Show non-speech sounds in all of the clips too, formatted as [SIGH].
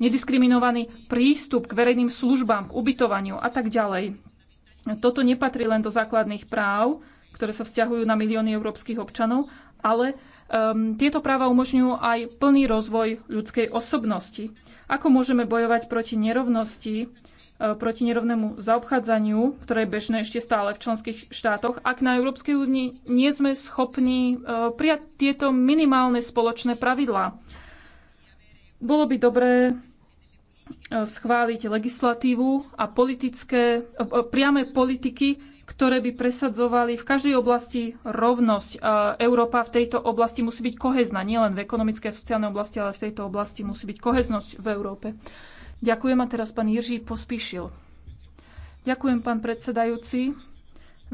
nediskriminovaný prístup k verejným službám, k ubytovaniu a tak ďalej. Toto nepatrí len do základných práv, ktoré sa vzťahujú na milióny európskych občanov, ale um, tieto práva umožňujú aj plný rozvoj ľudskej osobnosti. Ako môžeme bojovať proti nerovnosti, uh, proti nerovnému zaobchádzaniu, ktoré je bežné ešte stále v členských štátoch, ak na Európskej únii nie sme schopní uh, prijať tieto minimálne spoločné pravidlá. Bolo by dobré e, schváliť legislatívu a politické, e, e, priame politiky, ktoré by presadzovali v každej oblasti rovnosť. Európa v tejto oblasti musí byť kohezná, nielen v ekonomickej a sociálnej oblasti, ale v tejto oblasti musí byť koheznosť v Európe. Ďakujem a teraz pán Jiří pospíšil. Ďakujem, pán predsedajúci.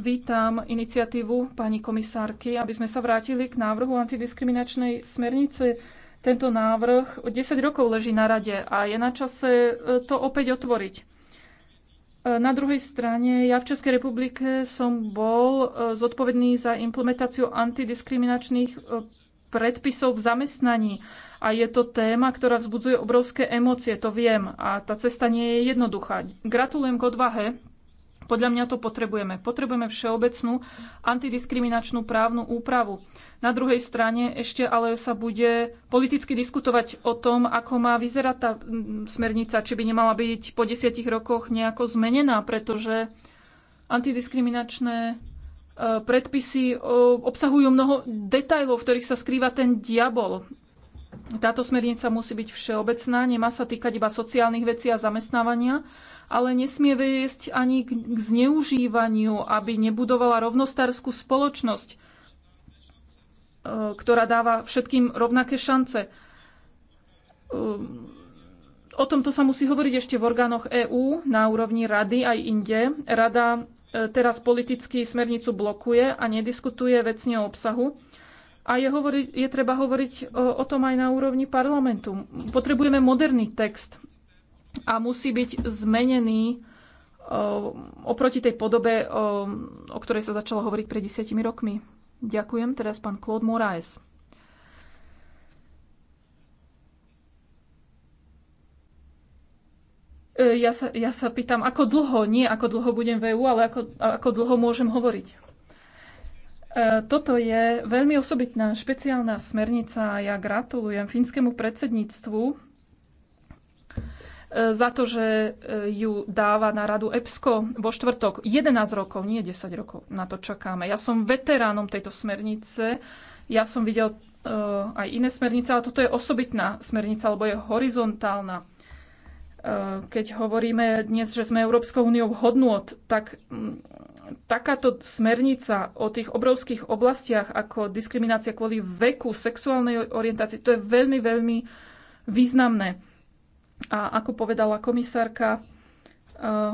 Vítam iniciatívu pani komisárky, aby sme sa vrátili k návrhu antidiskriminačnej smernice tento návrh 10 rokov leží na rade a je na čase e, to opäť otvoriť. E, na druhej strane, ja v Českej republike som bol e, zodpovedný za implementáciu antidiskriminačných predpisov v zamestnaní. A je to téma, ktorá vzbudzuje obrovské emócie, to viem. A tá cesta nie je jednoduchá. Gratulujem k odvahe. Podľa mňa to potrebujeme. Potrebujeme všeobecnú antidiskriminačnú právnu úpravu. Na druhej strane ešte ale sa bude politicky diskutovať o tom, ako má vyzerať tá smernica, či by nemala byť po desiatich rokoch nejako zmenená, pretože antidiskriminačné e, predpisy e, obsahujú mnoho detajlov, v ktorých sa skrýva ten diabol. Táto smernica musí byť všeobecná, nemá sa týkať iba sociálnych vecí a zamestnávania, ale nesmie viesť ani k zneužívaniu, aby nebudovala rovnostárskú spoločnosť, e, ktorá dáva všetkým rovnaké šance. E, o tomto sa musí hovoriť ešte v orgánoch EÚ na úrovni rady aj inde. Rada e, teraz politicky smernicu blokuje a nediskutuje vecne o obsahu. A je, hovori, je treba hovoriť o, o tom aj na úrovni parlamentu. Potrebujeme moderný text a musí byť zmenený oproti tej podobe, o ktorej sa začalo hovoriť pred desiatimi rokmi. Ďakujem. Teraz pán Claude Moraes. E, ja sa, ja sa pýtam, ako dlho, nie ako dlho budem v EU, ale ako, ako dlho môžem hovoriť. E, toto je veľmi osobitná špeciálna smernica a ja gratulujem fínskemu predsedníctvu E, za to, že e, ju dáva na radu EPSCO vo štvrtok. 11 rokov, nie 10 rokov. Na to čakáme. Ja som veteránom tejto smernice. Ja som videl e, aj iné smernice, ale toto je osobitná smernica, alebo je horizontálna. keď hovoríme dnes, že sme Európskou úniou hodnôt, tak takáto smernica o tých obrovských oblastiach ako diskriminácia kvôli veku, sexuálnej orientácii, to je veľmi, veľmi významné. A ako povedala komisárka, eh,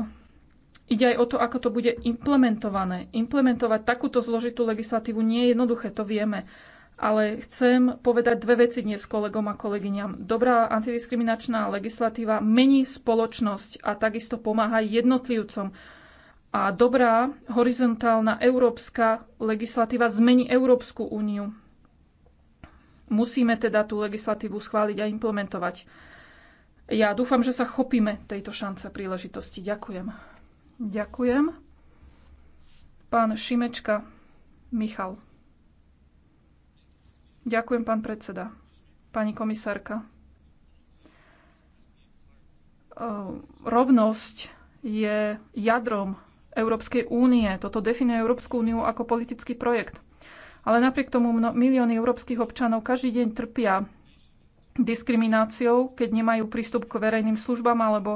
ide aj o to, ako to bude implementované. Implementovať takúto zložitú legislatívu nie je jednoduché, to vieme. Ale chcem povedať dve veci dnes kolegom a kolegyňam. Dobrá antidiskriminačná legislatíva mení spoločnosť a takisto pomáha jednotlivcom. A dobrá horizontálna európska legislatíva zmení Európsku úniu. Musíme teda tú legislatívu schváliť a implementovať. Ja dúfam, že sa chopíme tejto šance príležitosti. Ďakujem. Ďakujem. Pán Šimečka Michal. Ďakujem, pán predseda. Pani komisárka. Ehm, rovnosť je jadrom Európskej únie. Toto definuje Európsku úniu ako politický projekt. Ale napriek tomu milióny európskych občanov každý deň trpia diskrimináciou, keď nemajú prístup k verejným službám alebo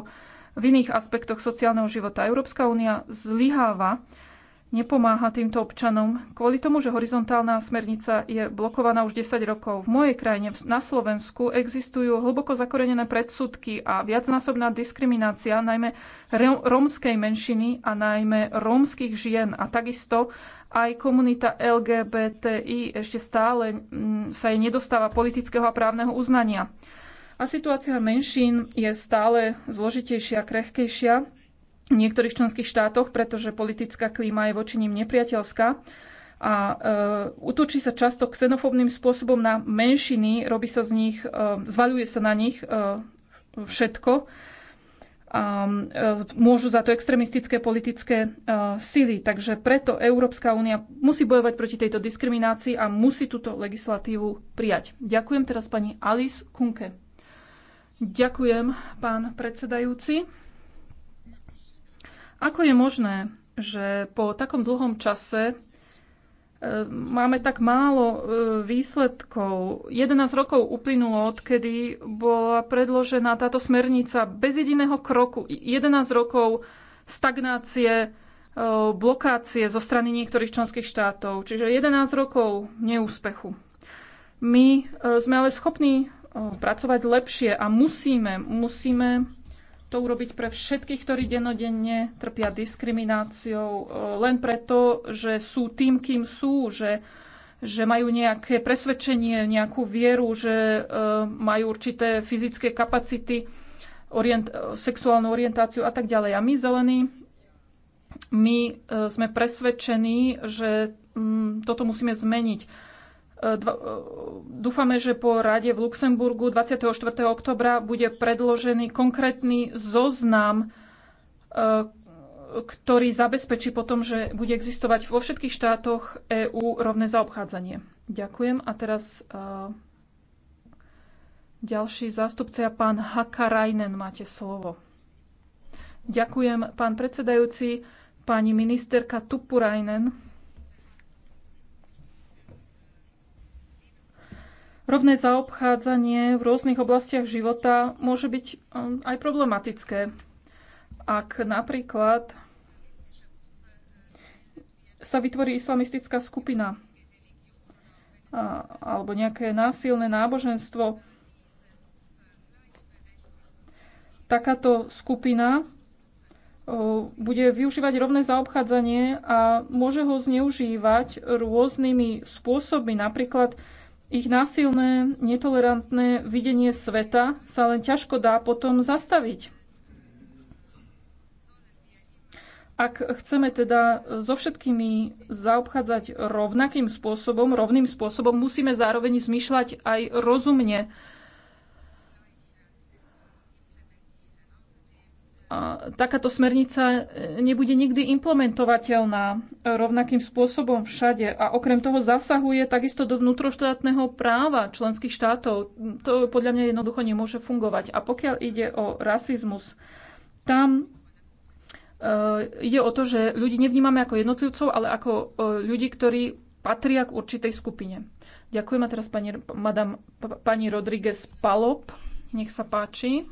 v iných aspektoch sociálneho života. Európska únia zlyháva nepomáha týmto občanom kvôli tomu, že horizontálna smernica je blokovaná už 10 rokov. V mojej krajine, na Slovensku, existujú hlboko zakorenené predsudky a viacnásobná diskriminácia najmä rómskej menšiny a najmä rómskych žien. A takisto aj komunita LGBTI ešte stále mm, sa jej nedostáva politického a právneho uznania. A situácia menšín je stále zložitejšia, krehkejšia niektorých členských štátoch, pretože politická klíma je voči nim nepriateľská a e, utočí sa často ksenofobným spôsobom na menšiny, robí sa z nich, e, zvaľuje sa na nich e, všetko. A e, môžu za to extremistické politické e, sily. Takže preto Európska únia musí bojovať proti tejto diskriminácii a musí túto legislatívu prijať. Ďakujem teraz pani Alice Kunke. Ďakujem, pán predsedajúci. Ako je možné, že po takom dlhom čase e, máme tak málo e, výsledkov. 11 rokov uplynulo, odkedy bola predložená táto smernica bez jediného kroku. 11 rokov stagnácie, e, blokácie zo strany niektorých členských štátov. Čiže 11 rokov neúspechu. My sme ale schopní pracovať lepšie a musíme, musíme to urobiť pre všetkých, ktorí denodenne trpia diskrimináciou e, len preto, že sú tým, kým sú, že, že majú nejaké presvedčenie, nejakú vieru, že e, majú určité fyzické kapacity, orient, e, sexuálnu orientáciu a tak ďalej. A my zelení, my sme presvedčení, že mm, toto musíme zmeniť E, e, dúfame, že po rade v Luxemburgu 24. oktobra bude predložený konkrétny zoznam, e, ktorý zabezpečí potom, že bude existovať vo všetkých štátoch EÚ rovné zaobchádzanie. Ďakujem. A teraz ďalší zástupca, pán Hakarajnen, máte slovo. Ďakujem, pán predsedajúci, pani ministerka Tupurajnen. Rovné zaobchádzanie v rôznych oblastiach života môže byť um, aj problematické. Ak napríklad sa vytvorí islamistická skupina alebo nejaké násilné náboženstvo, takáto skupina bude využívať rovné zaobchádzanie a môže ho zneužívať rôznymi spôsobmi, napríklad ich násilné, netolerantné videnie sveta sa len ťažko dá potom zastaviť. Ak chceme teda so všetkými zaobchádzať rovnakým spôsobom, rovným spôsobom, musíme zároveň zmyšľať aj rozumne takáto smernica e, nebude nikdy implementovateľná rovnakým spôsobom všade a okrem toho zasahuje takisto do vnútroštátneho práva členských štátov. To podľa mňa jednoducho nemôže fungovať. A pokiaľ ide o rasizmus, tam e, ide o to, že ľudí nevnímame ako jednotlivcov, ale ako e, ľudí, ktorí patria k určitej skupine. Ďakujem a teraz pani, madam, pani Rodriguez Palop. Nech sa páči.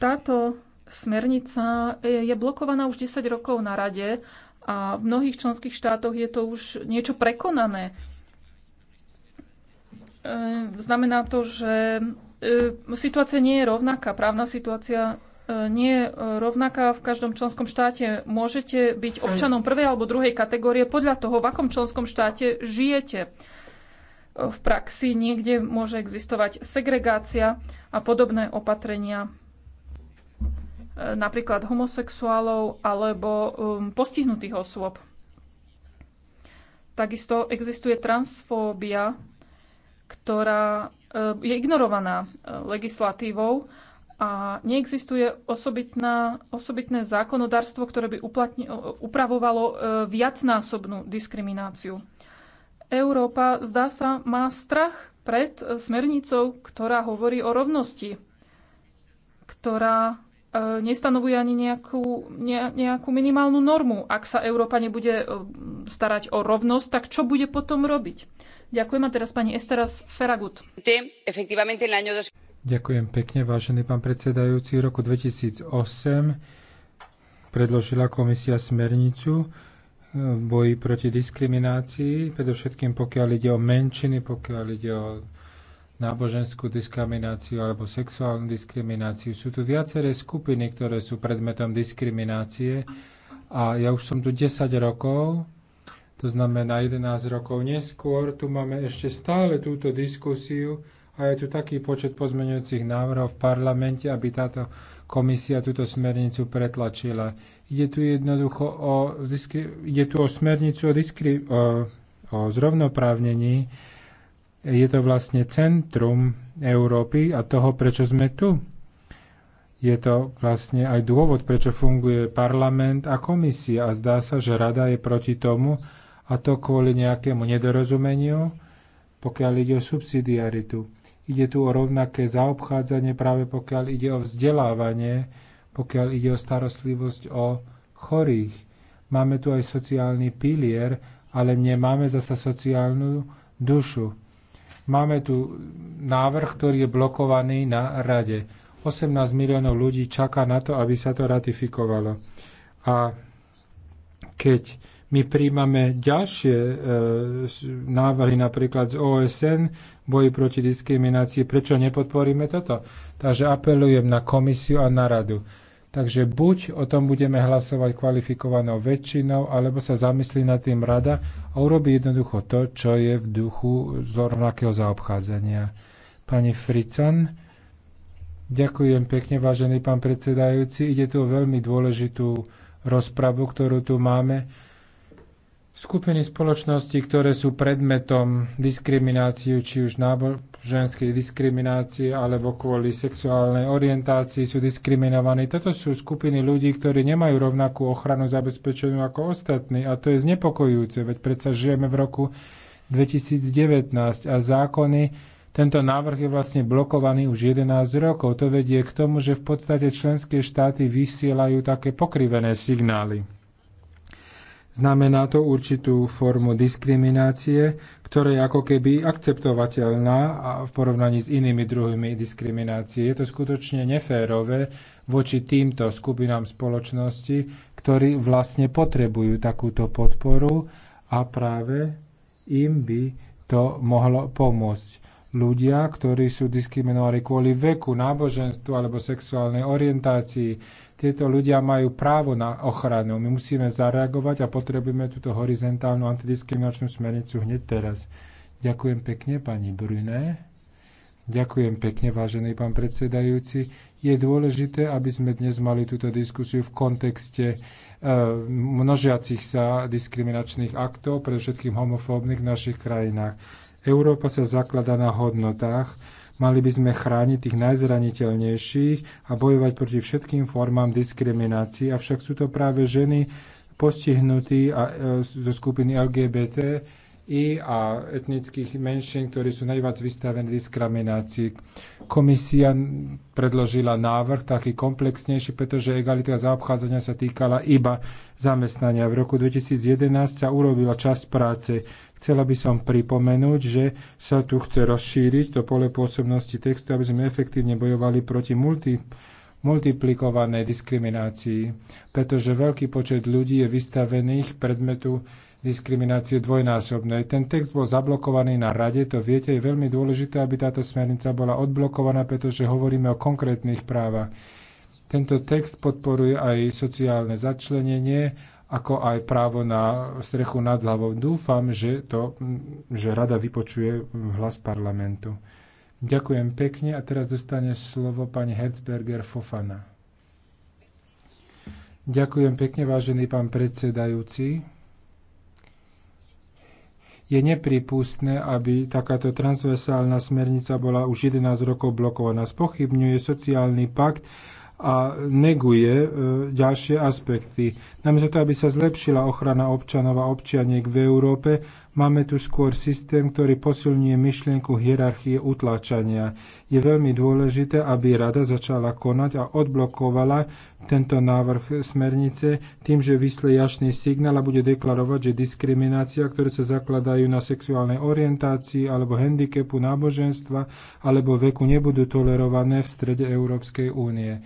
Táto smernica je blokovaná už 10 rokov na rade a v mnohých členských štátoch je to už niečo prekonané. E, znamená to, že e, situácia nie je rovnaká, právna situácia e, nie je rovnaká v každom členskom štáte. Môžete byť občanom prvej alebo druhej kategórie podľa toho, v akom členskom štáte žijete. V praxi niekde môže existovať segregácia a podobné opatrenia napríklad homosexuálov alebo um, postihnutých osôb. Takisto existuje transfóbia, ktorá um, je ignorovaná uh, legislatívou a neexistuje osobitná, osobitné zákonodárstvo, ktoré by uplatni, uh, upravovalo uh, viacnásobnú diskrimináciu. Európa, zdá sa, má strach pred smernicou, ktorá hovorí o rovnosti, ktorá E, nestanovuje ani nejakú, ne, nejakú minimálnu normu. Ak sa Európa nebude e, starať o rovnosť, tak čo bude potom robiť? Ďakujem a teraz pani Esteras Feragut. Ďakujem pekne, vážený pán predsedajúci. V roku 2008 predložila komisia smernicu e, boji proti diskriminácii, predovšetkým pokiaľ ide o menšiny, pokiaľ ide o náboženskú diskrimináciu alebo sexuálnu diskrimináciu. Sú tu viaceré skupiny, ktoré sú predmetom diskriminácie a ja už som tu 10 rokov, to znamená 11 rokov neskôr, tu máme ešte stále túto diskusiu a je tu taký počet pozmeňujúcich návrhov v parlamente, aby táto komisia túto smernicu pretlačila. Ide tu jednoducho o, ide tu o smernicu o, diskri, o, o zrovnoprávnení je to vlastne centrum Európy a toho, prečo sme tu. Je to vlastne aj dôvod, prečo funguje parlament a komisia a zdá sa, že rada je proti tomu a to kvôli nejakému nedorozumeniu, pokiaľ ide o subsidiaritu. Ide tu o rovnaké zaobchádzanie práve pokiaľ ide o vzdelávanie, pokiaľ ide o starostlivosť o chorých. Máme tu aj sociálny pilier, ale nemáme zasa sociálnu dušu Máme tu návrh, ktorý je blokovaný na rade. 18 miliónov ľudí čaká na to, aby sa to ratifikovalo. A keď my príjmame ďalšie e, návrhy, napríklad z OSN, boji proti diskriminácii, prečo nepodporíme toto? Takže apelujem na komisiu a na radu Takže buď o tom budeme hlasovať kvalifikovanou väčšinou, alebo sa zamyslí nad tým rada a urobí jednoducho to, čo je v duchu zorovnakého zaobchádzania. Pani Fricon, ďakujem pekne, vážený pán predsedajúci. Ide tu o veľmi dôležitú rozpravu, ktorú tu máme skupiny spoločnosti, ktoré sú predmetom diskrimináciu, či už náboženskej diskriminácie alebo kvôli sexuálnej orientácii sú diskriminovaní. Toto sú skupiny ľudí, ktorí nemajú rovnakú ochranu zabezpečenú ako ostatní a to je znepokojujúce, veď predsa žijeme v roku 2019 a zákony tento návrh je vlastne blokovaný už 11 rokov. To vedie k tomu, že v podstate členské štáty vysielajú také pokrivené signály. Znamená to určitú formu diskriminácie, ktorá je ako keby akceptovateľná a v porovnaní s inými druhými diskriminácie. Je to skutočne neférové voči týmto skupinám spoločnosti, ktorí vlastne potrebujú takúto podporu a práve im by to mohlo pomôcť. Ľudia, ktorí sú diskriminovaní kvôli veku, náboženstvu alebo sexuálnej orientácii, tieto ľudia majú právo na ochranu. My musíme zareagovať a potrebujeme túto horizontálnu antidiskriminačnú smernicu hneď teraz. Ďakujem pekne, pani Brune. Ďakujem pekne, vážený pán predsedajúci. Je dôležité, aby sme dnes mali túto diskusiu v kontexte e, množiacich sa diskriminačných aktov, predovšetkým homofóbnych v našich krajinách. Európa sa zaklada na hodnotách, Mali by sme chrániť tých najzraniteľnejších a bojovať proti všetkým formám diskriminácií, avšak sú to práve ženy postihnutí a, e, zo skupiny LGBT, i a etnických menšín, ktorí sú najviac vystavení diskriminácii. Komisia predložila návrh taký komplexnejší, pretože egalita zaobchádzania sa týkala iba zamestnania. V roku 2011 sa urobila časť práce. Chcela by som pripomenúť, že sa tu chce rozšíriť to pole pôsobnosti textu, aby sme efektívne bojovali proti multi, multiplikovanej diskriminácii, pretože veľký počet ľudí je vystavených predmetu diskriminácie dvojnásobnej. Ten text bol zablokovaný na rade, to viete, je veľmi dôležité, aby táto smernica bola odblokovaná, pretože hovoríme o konkrétnych právach. Tento text podporuje aj sociálne začlenenie ako aj právo na strechu nad hlavou. Dúfam, že, to, že rada vypočuje hlas parlamentu. Ďakujem pekne a teraz dostane slovo pani Herzberger Fofana. Ďakujem pekne, vážený pán predsedajúci. Je nepripustné, aby takáto transversálna smernica bola už 11 rokov blokovaná. Spochybňuje sociálny pakt, a neguje e, ďalšie aspekty. Namiesto to, aby sa zlepšila ochrana občanov a občianiek v Európe, Máme tu skôr systém, ktorý posilňuje myšlienku hierarchie utláčania. Je veľmi dôležité, aby rada začala konať a odblokovala tento návrh smernice tým, že vysle jašný signál a bude deklarovať, že diskriminácia, ktoré sa zakladajú na sexuálnej orientácii alebo handicapu náboženstva alebo veku nebudú tolerované v strede Európskej únie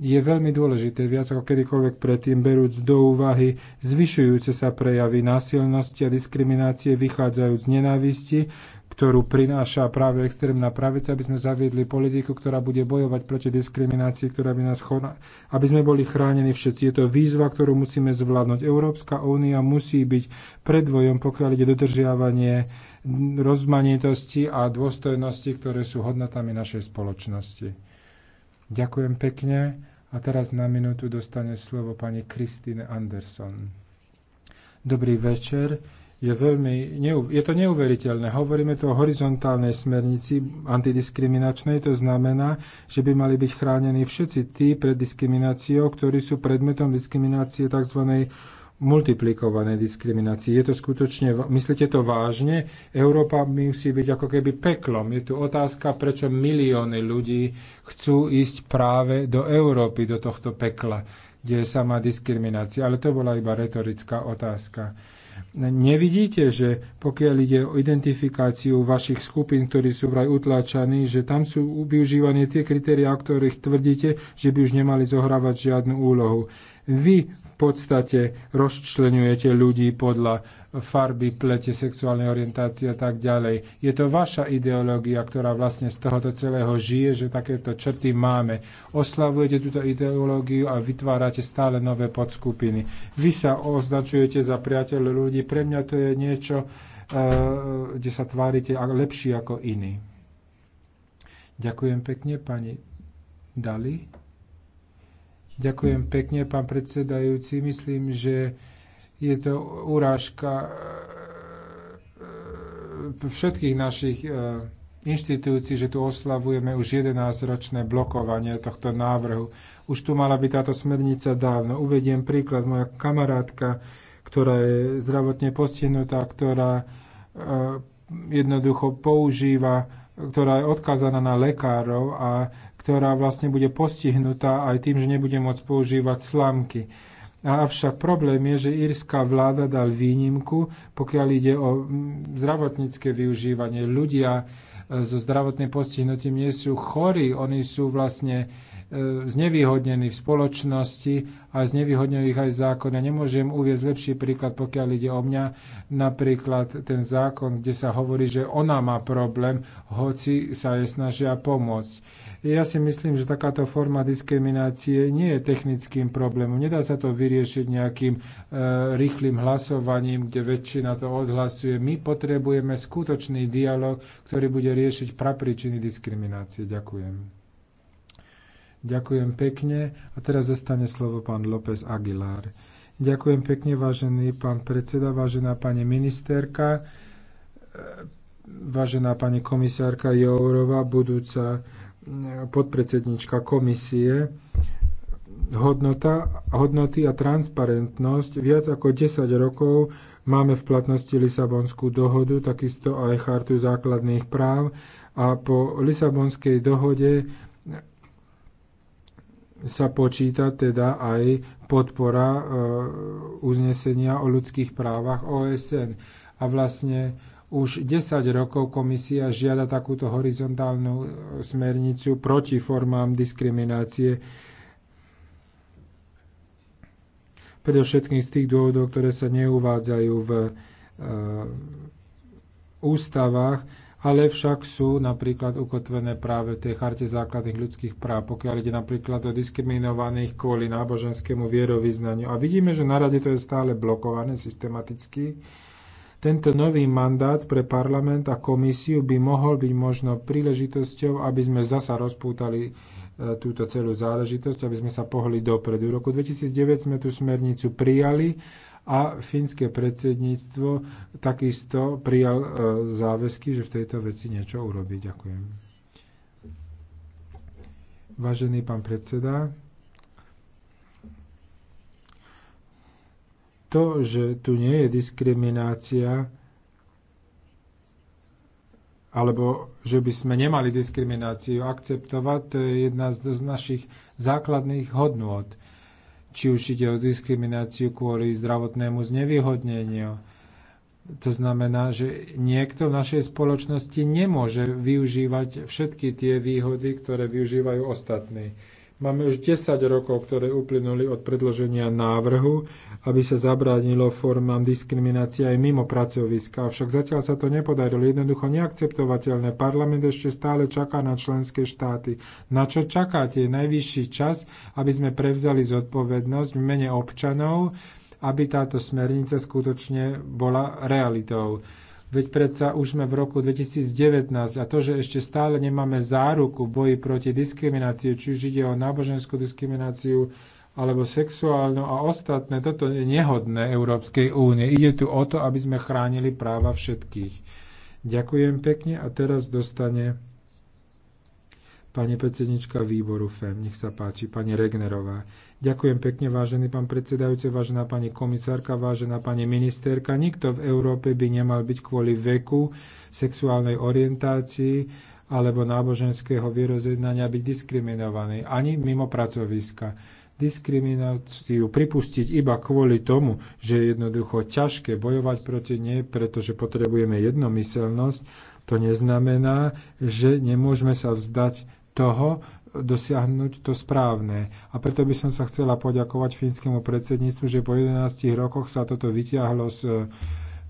je veľmi dôležité, viac ako kedykoľvek predtým, berúc do úvahy zvyšujúce sa prejavy násilnosti a diskriminácie vychádzajúc z nenávisti, ktorú prináša práve extrémna pravica, aby sme zaviedli politiku, ktorá bude bojovať proti diskriminácii, ktorá by nás chorá. aby sme boli chránení všetci. Je to výzva, ktorú musíme zvládnuť. Európska únia musí byť predvojom, pokiaľ ide dodržiavanie rozmanitosti a dôstojnosti, ktoré sú hodnotami našej spoločnosti. Ďakujem pekne. A teraz na minútu dostane slovo pani Kristine Anderson. Dobrý večer. Je, veľmi, je to neuveriteľné. Hovoríme tu o horizontálnej smernici antidiskriminačnej. To znamená, že by mali byť chránení všetci tí pred diskrimináciou, ktorí sú predmetom diskriminácie tzv multiplikované diskriminácii. Je to skutočne, myslíte to vážne? Európa musí byť ako keby peklom. Je tu otázka, prečo milióny ľudí chcú ísť práve do Európy, do tohto pekla, kde je sama diskriminácia. Ale to bola iba retorická otázka. Nevidíte, že pokiaľ ide o identifikáciu vašich skupín, ktorí sú vraj utláčaní, že tam sú využívané tie kritériá, o ktorých tvrdíte, že by už nemali zohrávať žiadnu úlohu. Vy podstate rozčlenujete ľudí podľa farby, plete, sexuálnej orientácie a tak ďalej. Je to vaša ideológia, ktorá vlastne z tohoto celého žije, že takéto črty máme. Oslavujete túto ideológiu a vytvárate stále nové podskupiny. Vy sa označujete za priateľ ľudí. Pre mňa to je niečo, e, kde sa tvárite lepší ako iní. Ďakujem pekne, pani Dali. Ďakujem pekne, pán predsedajúci. Myslím, že je to urážka e, e, všetkých našich e, inštitúcií, že tu oslavujeme už 11-ročné blokovanie tohto návrhu. Už tu mala byť táto smernica dávno. Uvediem príklad. Moja kamarátka, ktorá je zdravotne postihnutá, ktorá jednoducho používa, ktorá je odkázaná na lekárov a ktorá vlastne bude postihnutá aj tým, že nebude môcť používať slamky. avšak problém je, že írska vláda dal výnimku, pokiaľ ide o mm, zdravotnícke využívanie. Ľudia e, so zdravotným postihnutím nie sú chorí, oni sú vlastne E, znevýhodnení v spoločnosti a znevýhodňujú ich aj zákon. Ja nemôžem uvieť lepší príklad, pokiaľ ide o mňa, napríklad ten zákon, kde sa hovorí, že ona má problém, hoci sa jej snažia pomôcť. Ja si myslím, že takáto forma diskriminácie nie je technickým problémom. Nedá sa to vyriešiť nejakým e, rýchlým hlasovaním, kde väčšina to odhlasuje. My potrebujeme skutočný dialog, ktorý bude riešiť prapričiny diskriminácie. Ďakujem. Ďakujem pekne a teraz zostane slovo pán López Aguilar. Ďakujem pekne, vážený pán predseda, vážená pani ministerka, vážená pani komisárka Jourova, budúca eh, podpredsednička komisie hodnota, hodnoty a transparentnosť. Viac ako 10 rokov máme v platnosti Lisabonskú dohodu, takisto aj chartu základných práv a po Lisabonskej dohode sa počíta teda aj podpora e, uznesenia o ľudských právach OSN. A vlastne už 10 rokov komisia žiada takúto horizontálnu e, smernicu proti formám diskriminácie, predovšetkým z tých dôvodov, ktoré sa neuvádzajú v e, ústavách, ale však sú napríklad ukotvené práve v tej charte základných ľudských práv, pokiaľ ide napríklad o diskriminovaných kvôli náboženskému vierovýznaniu. A vidíme, že na rade to je stále blokované systematicky. Tento nový mandát pre parlament a komisiu by mohol byť možno príležitosťou, aby sme zasa rozpútali e, túto celú záležitosť, aby sme sa pohli dopredu. V roku 2009 sme tú smernicu prijali a fínske predsedníctvo takisto prijal e, záväzky, že v tejto veci niečo urobí. Ďakujem. Vážený pán predseda, to, že tu nie je diskriminácia, alebo že by sme nemali diskrimináciu akceptovať, to je jedna z našich základných hodnôt či už ide o diskrimináciu kvôli zdravotnému znevýhodneniu. To znamená, že niekto v našej spoločnosti nemôže využívať všetky tie výhody, ktoré využívajú ostatní. Máme už 10 rokov, ktoré uplynuli od predloženia návrhu, aby sa zabránilo formám diskriminácie aj mimo pracoviska. Avšak zatiaľ sa to nepodarilo. Jednoducho neakceptovateľné. Parlament ešte stále čaká na členské štáty. Na čo čakáte? Je najvyšší čas, aby sme prevzali zodpovednosť v mene občanov, aby táto smernica skutočne bola realitou. Veď predsa už sme v roku 2019 a to, že ešte stále nemáme záruku v boji proti diskriminácii, či už ide o náboženskú diskrimináciu alebo sexuálnu a ostatné, toto je nehodné Európskej únie. Ide tu o to, aby sme chránili práva všetkých. Ďakujem pekne a teraz dostane pani predsednička výboru FEM. Nech sa páči, pani Regnerová. Ďakujem pekne, vážený pán predsedajúci, vážená pani komisárka, vážená pani ministerka. Nikto v Európe by nemal byť kvôli veku, sexuálnej orientácii alebo náboženského vyrozednania byť diskriminovaný, ani mimo pracoviska. Diskrimináciu pripustiť iba kvôli tomu, že je jednoducho ťažké bojovať proti nej, pretože potrebujeme jednomyselnosť, to neznamená, že nemôžeme sa vzdať toho dosiahnuť to správne. A preto by som sa chcela poďakovať fínskemu predsedníctvu, že po 11 rokoch sa toto vyťahlo z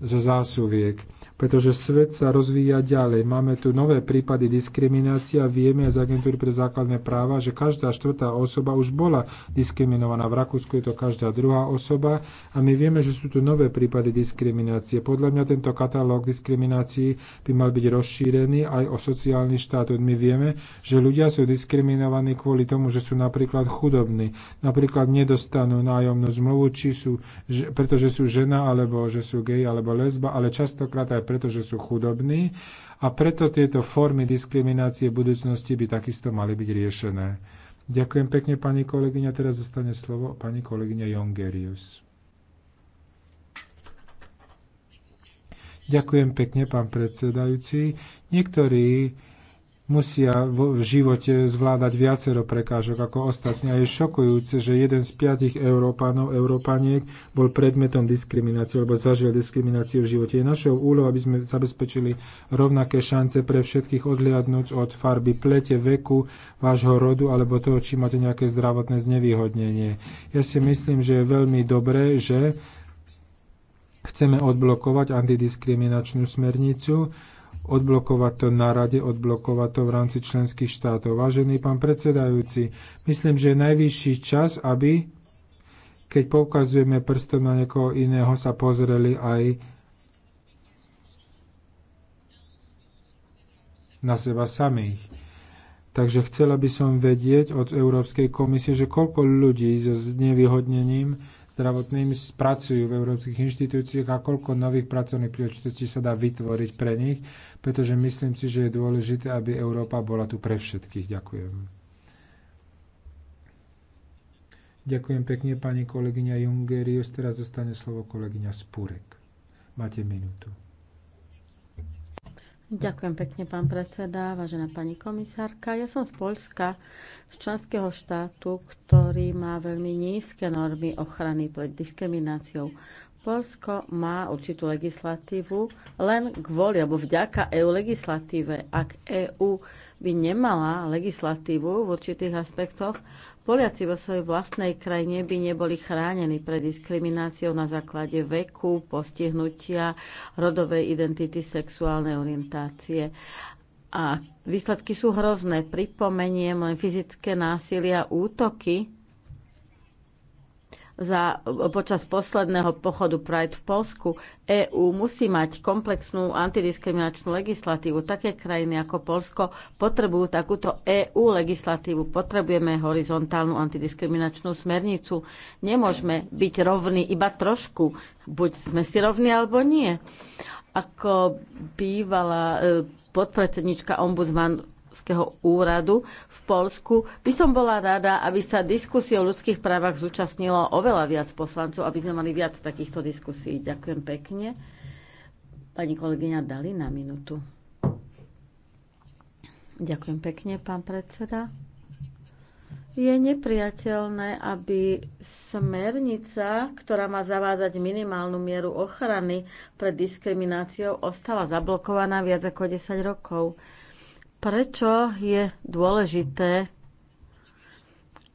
zo zásuviek, pretože svet sa rozvíja ďalej. Máme tu nové prípady diskriminácia. Vieme z agentúry pre základné práva, že každá štvrtá osoba už bola diskriminovaná. V Rakúsku je to každá druhá osoba a my vieme, že sú tu nové prípady diskriminácie. Podľa mňa tento katalóg diskriminácií by mal byť rozšírený aj o sociálny štát. My vieme, že ľudia sú diskriminovaní kvôli tomu, že sú napríklad chudobní, napríklad nedostanú nájomnú zmluvu, či sú, pretože sú žena alebo že sú gej alebo alebo lesba, ale častokrát aj preto, že sú chudobní a preto tieto formy diskriminácie v budúcnosti by takisto mali byť riešené. Ďakujem pekne, pani kolegyňa. Teraz zostane slovo pani kolegyňa Jongerius. Ďakujem pekne, pán predsedajúci. Niektorí musia v živote zvládať viacero prekážok ako ostatní. A je šokujúce, že jeden z piatich Európanov, Európaniek, bol predmetom diskriminácie alebo zažil diskrimináciu v živote. Je našou úlohou, aby sme zabezpečili rovnaké šance pre všetkých odliadnúť od farby plete, veku, vášho rodu alebo toho, či máte nejaké zdravotné znevýhodnenie. Ja si myslím, že je veľmi dobré, že chceme odblokovať antidiskriminačnú smernicu, odblokovať to na rade, odblokovať to v rámci členských štátov. Vážený pán predsedajúci, myslím, že je najvyšší čas, aby keď poukazujeme prstom na niekoho iného, sa pozreli aj na seba samých. Takže chcela by som vedieť od Európskej komisie, že koľko ľudí so znevýhodnením zdravotným pracujú v európskych inštitúciách a koľko nových pracovných príležitostí sa dá vytvoriť pre nich, pretože myslím si, že je dôležité, aby Európa bola tu pre všetkých. Ďakujem. Ďakujem pekne, pani kolegyňa Jungerius. Teraz zostane slovo kolegyňa Spurek. Máte minútu. Ďakujem pekne, pán predseda, vážená pani komisárka. Ja som z Polska, z členského štátu, ktorý má veľmi nízke normy ochrany pred diskrimináciou. Polsko má určitú legislatívu len kvôli alebo vďaka EU legislatíve. Ak EU by nemala legislatívu v určitých aspektoch, Poliaci vo svojej vlastnej krajine by neboli chránení pred diskrimináciou na základe veku, postihnutia, rodovej identity, sexuálnej orientácie. A výsledky sú hrozné. Pripomeniem len fyzické násilia, útoky za, počas posledného pochodu Pride v Polsku. EÚ musí mať komplexnú antidiskriminačnú legislatívu. Také krajiny ako Polsko potrebujú takúto EÚ legislatívu. Potrebujeme horizontálnu antidiskriminačnú smernicu. Nemôžeme byť rovní iba trošku. Buď sme si rovní, alebo nie. Ako bývala e, podpredsednička ombudsman Európskeho úradu v Polsku, by som bola rada, aby sa diskusie o ľudských právach zúčastnilo oveľa viac poslancov, aby sme mali viac takýchto diskusí. Ďakujem pekne. Pani kolegyňa Dali na minútu. Ďakujem pekne, pán predseda. Je nepriateľné, aby smernica, ktorá má zavádzať minimálnu mieru ochrany pred diskrimináciou, ostala zablokovaná viac ako 10 rokov Prečo je dôležité,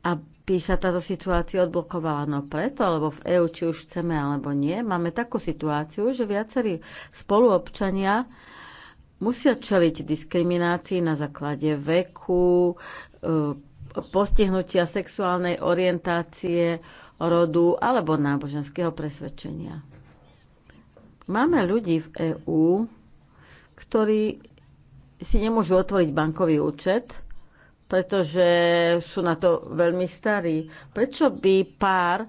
aby sa táto situácia odblokovala? No preto, alebo v EÚ, či už chceme alebo nie, máme takú situáciu, že viacerí spoluobčania musia čeliť diskriminácii na základe veku, e, postihnutia sexuálnej orientácie, rodu alebo náboženského presvedčenia. Máme ľudí v EÚ, ktorí si nemôžu otvoriť bankový účet, pretože sú na to veľmi starí. Prečo by pár e,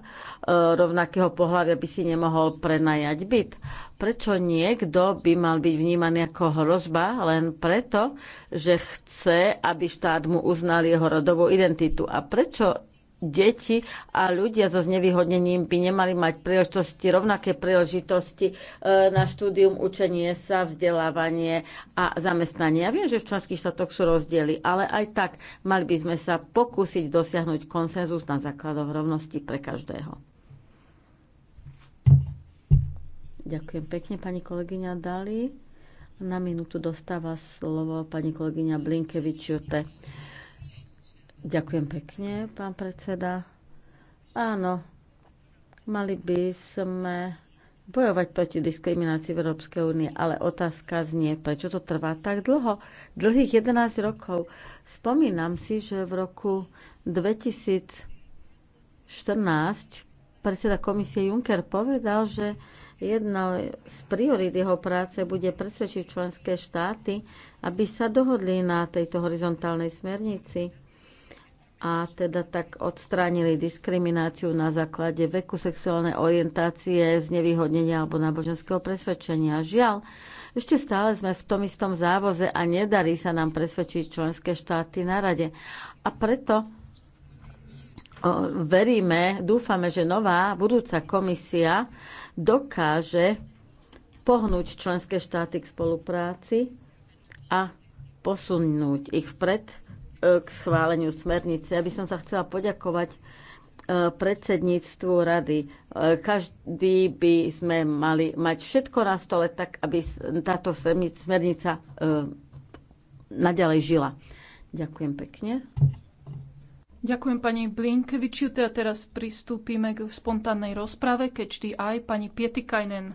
rovnakého pohľavia by si nemohol prenajať byt? Prečo niekto by mal byť vnímaný ako hrozba len preto, že chce, aby štát mu uznal jeho rodovú identitu? A prečo deti a ľudia so znevýhodnením by nemali mať príležitosti, rovnaké príležitosti e, na štúdium, učenie sa, vzdelávanie a zamestnanie. Ja viem, že v členských štátoch sú rozdiely, ale aj tak mali by sme sa pokúsiť dosiahnuť konsenzus na základoch rovnosti pre každého. Ďakujem pekne, pani kolegyňa Dali. Na minútu dostáva slovo pani kolegyňa Blinkevičiute. Ďakujem pekne, pán predseda. Áno, mali by sme bojovať proti diskriminácii v Európskej únie, ale otázka znie, prečo to trvá tak dlho? Dlhých 11 rokov. Spomínam si, že v roku 2014 predseda komisie Juncker povedal, že jedna z priorít jeho práce bude presvedčiť členské štáty, aby sa dohodli na tejto horizontálnej smernici a teda tak odstránili diskrimináciu na základe veku, sexuálnej orientácie, znevýhodnenia alebo náboženského presvedčenia. Žiaľ, ešte stále sme v tom istom závoze a nedarí sa nám presvedčiť členské štáty na rade. A preto veríme, dúfame, že nová budúca komisia dokáže pohnúť členské štáty k spolupráci a posunúť ich vpred E, k schváleniu smernice. Ja by som sa chcela poďakovať e, predsedníctvu rady. E, každý by sme mali mať všetko na stole tak, aby táto smernica naďalej žila. Ďakujem pekne. Ďakujem pani Blinkevičiu. Teda teraz pristúpime k spontánnej rozprave, keď ty aj pani Pietikainen.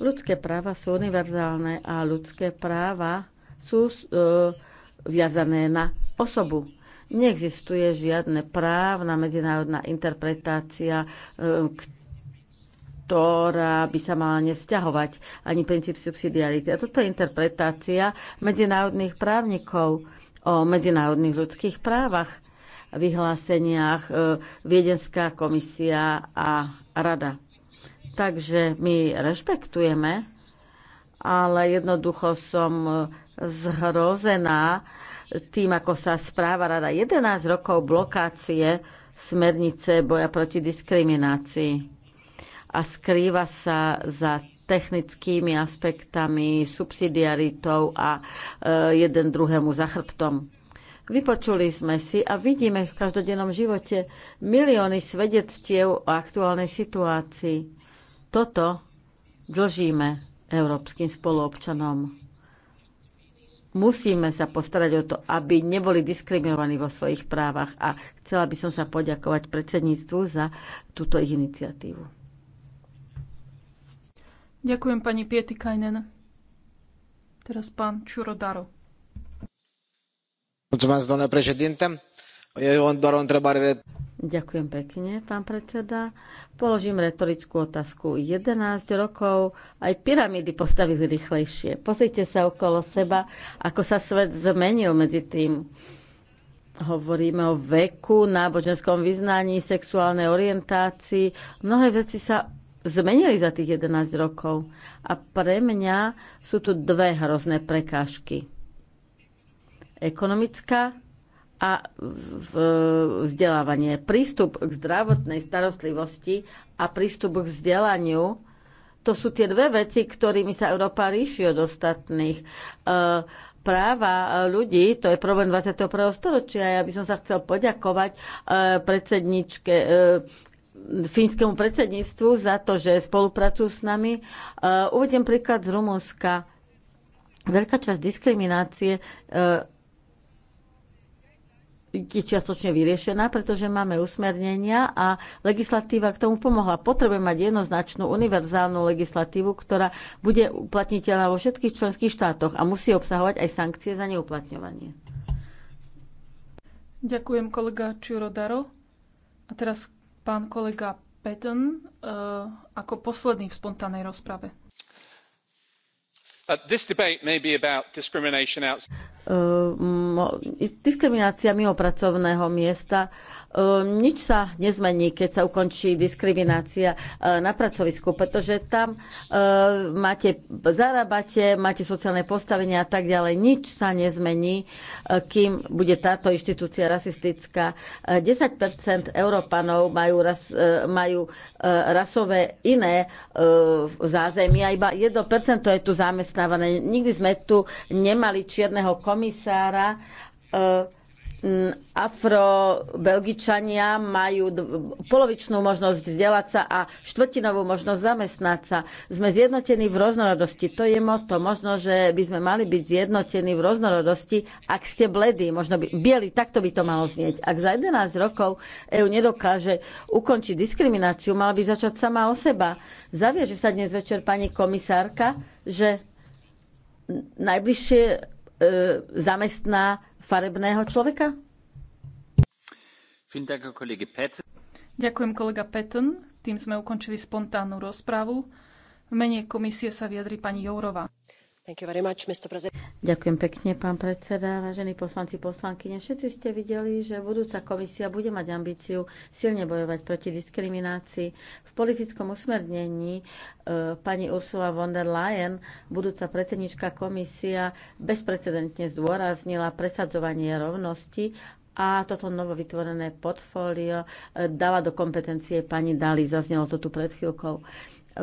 Ľudské práva sú univerzálne a ľudské práva sú uh, viazané na osobu. Neexistuje žiadne právna medzinárodná interpretácia, e, ktorá by sa mala nevzťahovať, ani princíp subsidiarity. A toto je interpretácia medzinárodných právnikov o medzinárodných ľudských právach, vyhláseniach e, Viedenská komisia a rada. Takže my rešpektujeme ale jednoducho som e, zhrozená tým, ako sa správa rada 11 rokov blokácie smernice boja proti diskriminácii a skrýva sa za technickými aspektami, subsidiaritou a e, jeden druhému za chrbtom. Vypočuli sme si a vidíme v každodennom živote milióny svedectiev o aktuálnej situácii. Toto dlžíme európskym spoluobčanom. Musíme sa postarať o to, aby neboli diskriminovaní vo svojich právach a chcela by som sa poďakovať predsedníctvu za túto ich iniciatívu. Ďakujem pani Pietikainen. Teraz pán Čurodaro. Mulțumesc, domnule președinte je on doar întrebare Ďakujem pekne, pán predseda. Položím retorickú otázku. 11 rokov aj pyramídy postavili rýchlejšie. Pozrite sa okolo seba, ako sa svet zmenil medzi tým. Hovoríme o veku, náboženskom vyznaní, sexuálnej orientácii. Mnohé veci sa zmenili za tých 11 rokov. A pre mňa sú tu dve hrozné prekážky. Ekonomická a vzdelávanie. Prístup k zdravotnej starostlivosti a prístup k vzdelaniu to sú tie dve veci, ktorými sa Európa ríši od ostatných. E, práva ľudí, to je problém 21. storočia. Ja by som sa chcel poďakovať e, predsedničke e, fínskemu predsedníctvu za to, že spolupracujú s nami. Uvediem príklad z Rumunska. Veľká časť diskriminácie je čiastočne vyriešená, pretože máme usmernenia a legislatíva k tomu pomohla. Potrebujeme mať jednoznačnú univerzálnu legislatívu, ktorá bude uplatniteľná vo všetkých členských štátoch a musí obsahovať aj sankcie za neuplatňovanie. Ďakujem kolega Čurodaro. A teraz pán kolega Patton eh, ako posledný v spontánnej rozprave. Uh, diskriminácia mimo pracovného miesta. E, nič sa nezmení, keď sa ukončí diskriminácia e, na pracovisku, pretože tam e, máte, zarábate, máte sociálne postavenie a tak ďalej. Nič sa nezmení, kým bude táto inštitúcia rasistická. 10 Európanov majú, ras, majú rasové iné zázemia, iba 1 je tu zamestnávané. Nikdy sme tu nemali čierneho komisára, komisára, e, afro-belgičania majú polovičnú možnosť vzdelať sa a štvrtinovú možnosť zamestnať sa. Sme zjednotení v rôznorodosti. To je moto. Možno, že by sme mali byť zjednotení v rôznorodosti, ak ste bledí, možno by, bieli, takto by to malo znieť. Ak za 11 rokov EU nedokáže ukončiť diskrimináciu, mala by začať sama o seba. Zavieže sa dnes večer pani komisárka, že najbližšie E, zamestná farebného človeka? Ďakujem kolega Patton. Tým sme ukončili spontánnu rozpravu. V mene komisie sa vyjadri pani Jourova. Ďakujem pekne, pán predseda, vážení poslanci, poslankyne. Všetci ste videli, že budúca komisia bude mať ambíciu silne bojovať proti diskriminácii. V politickom usmernení e, pani Ursula von der Leyen, budúca predsednička komisia, bezprecedentne zdôraznila presadzovanie rovnosti a toto novovytvorené portfólio e, dala do kompetencie pani Dali. Zaznelo to tu pred chvíľkou.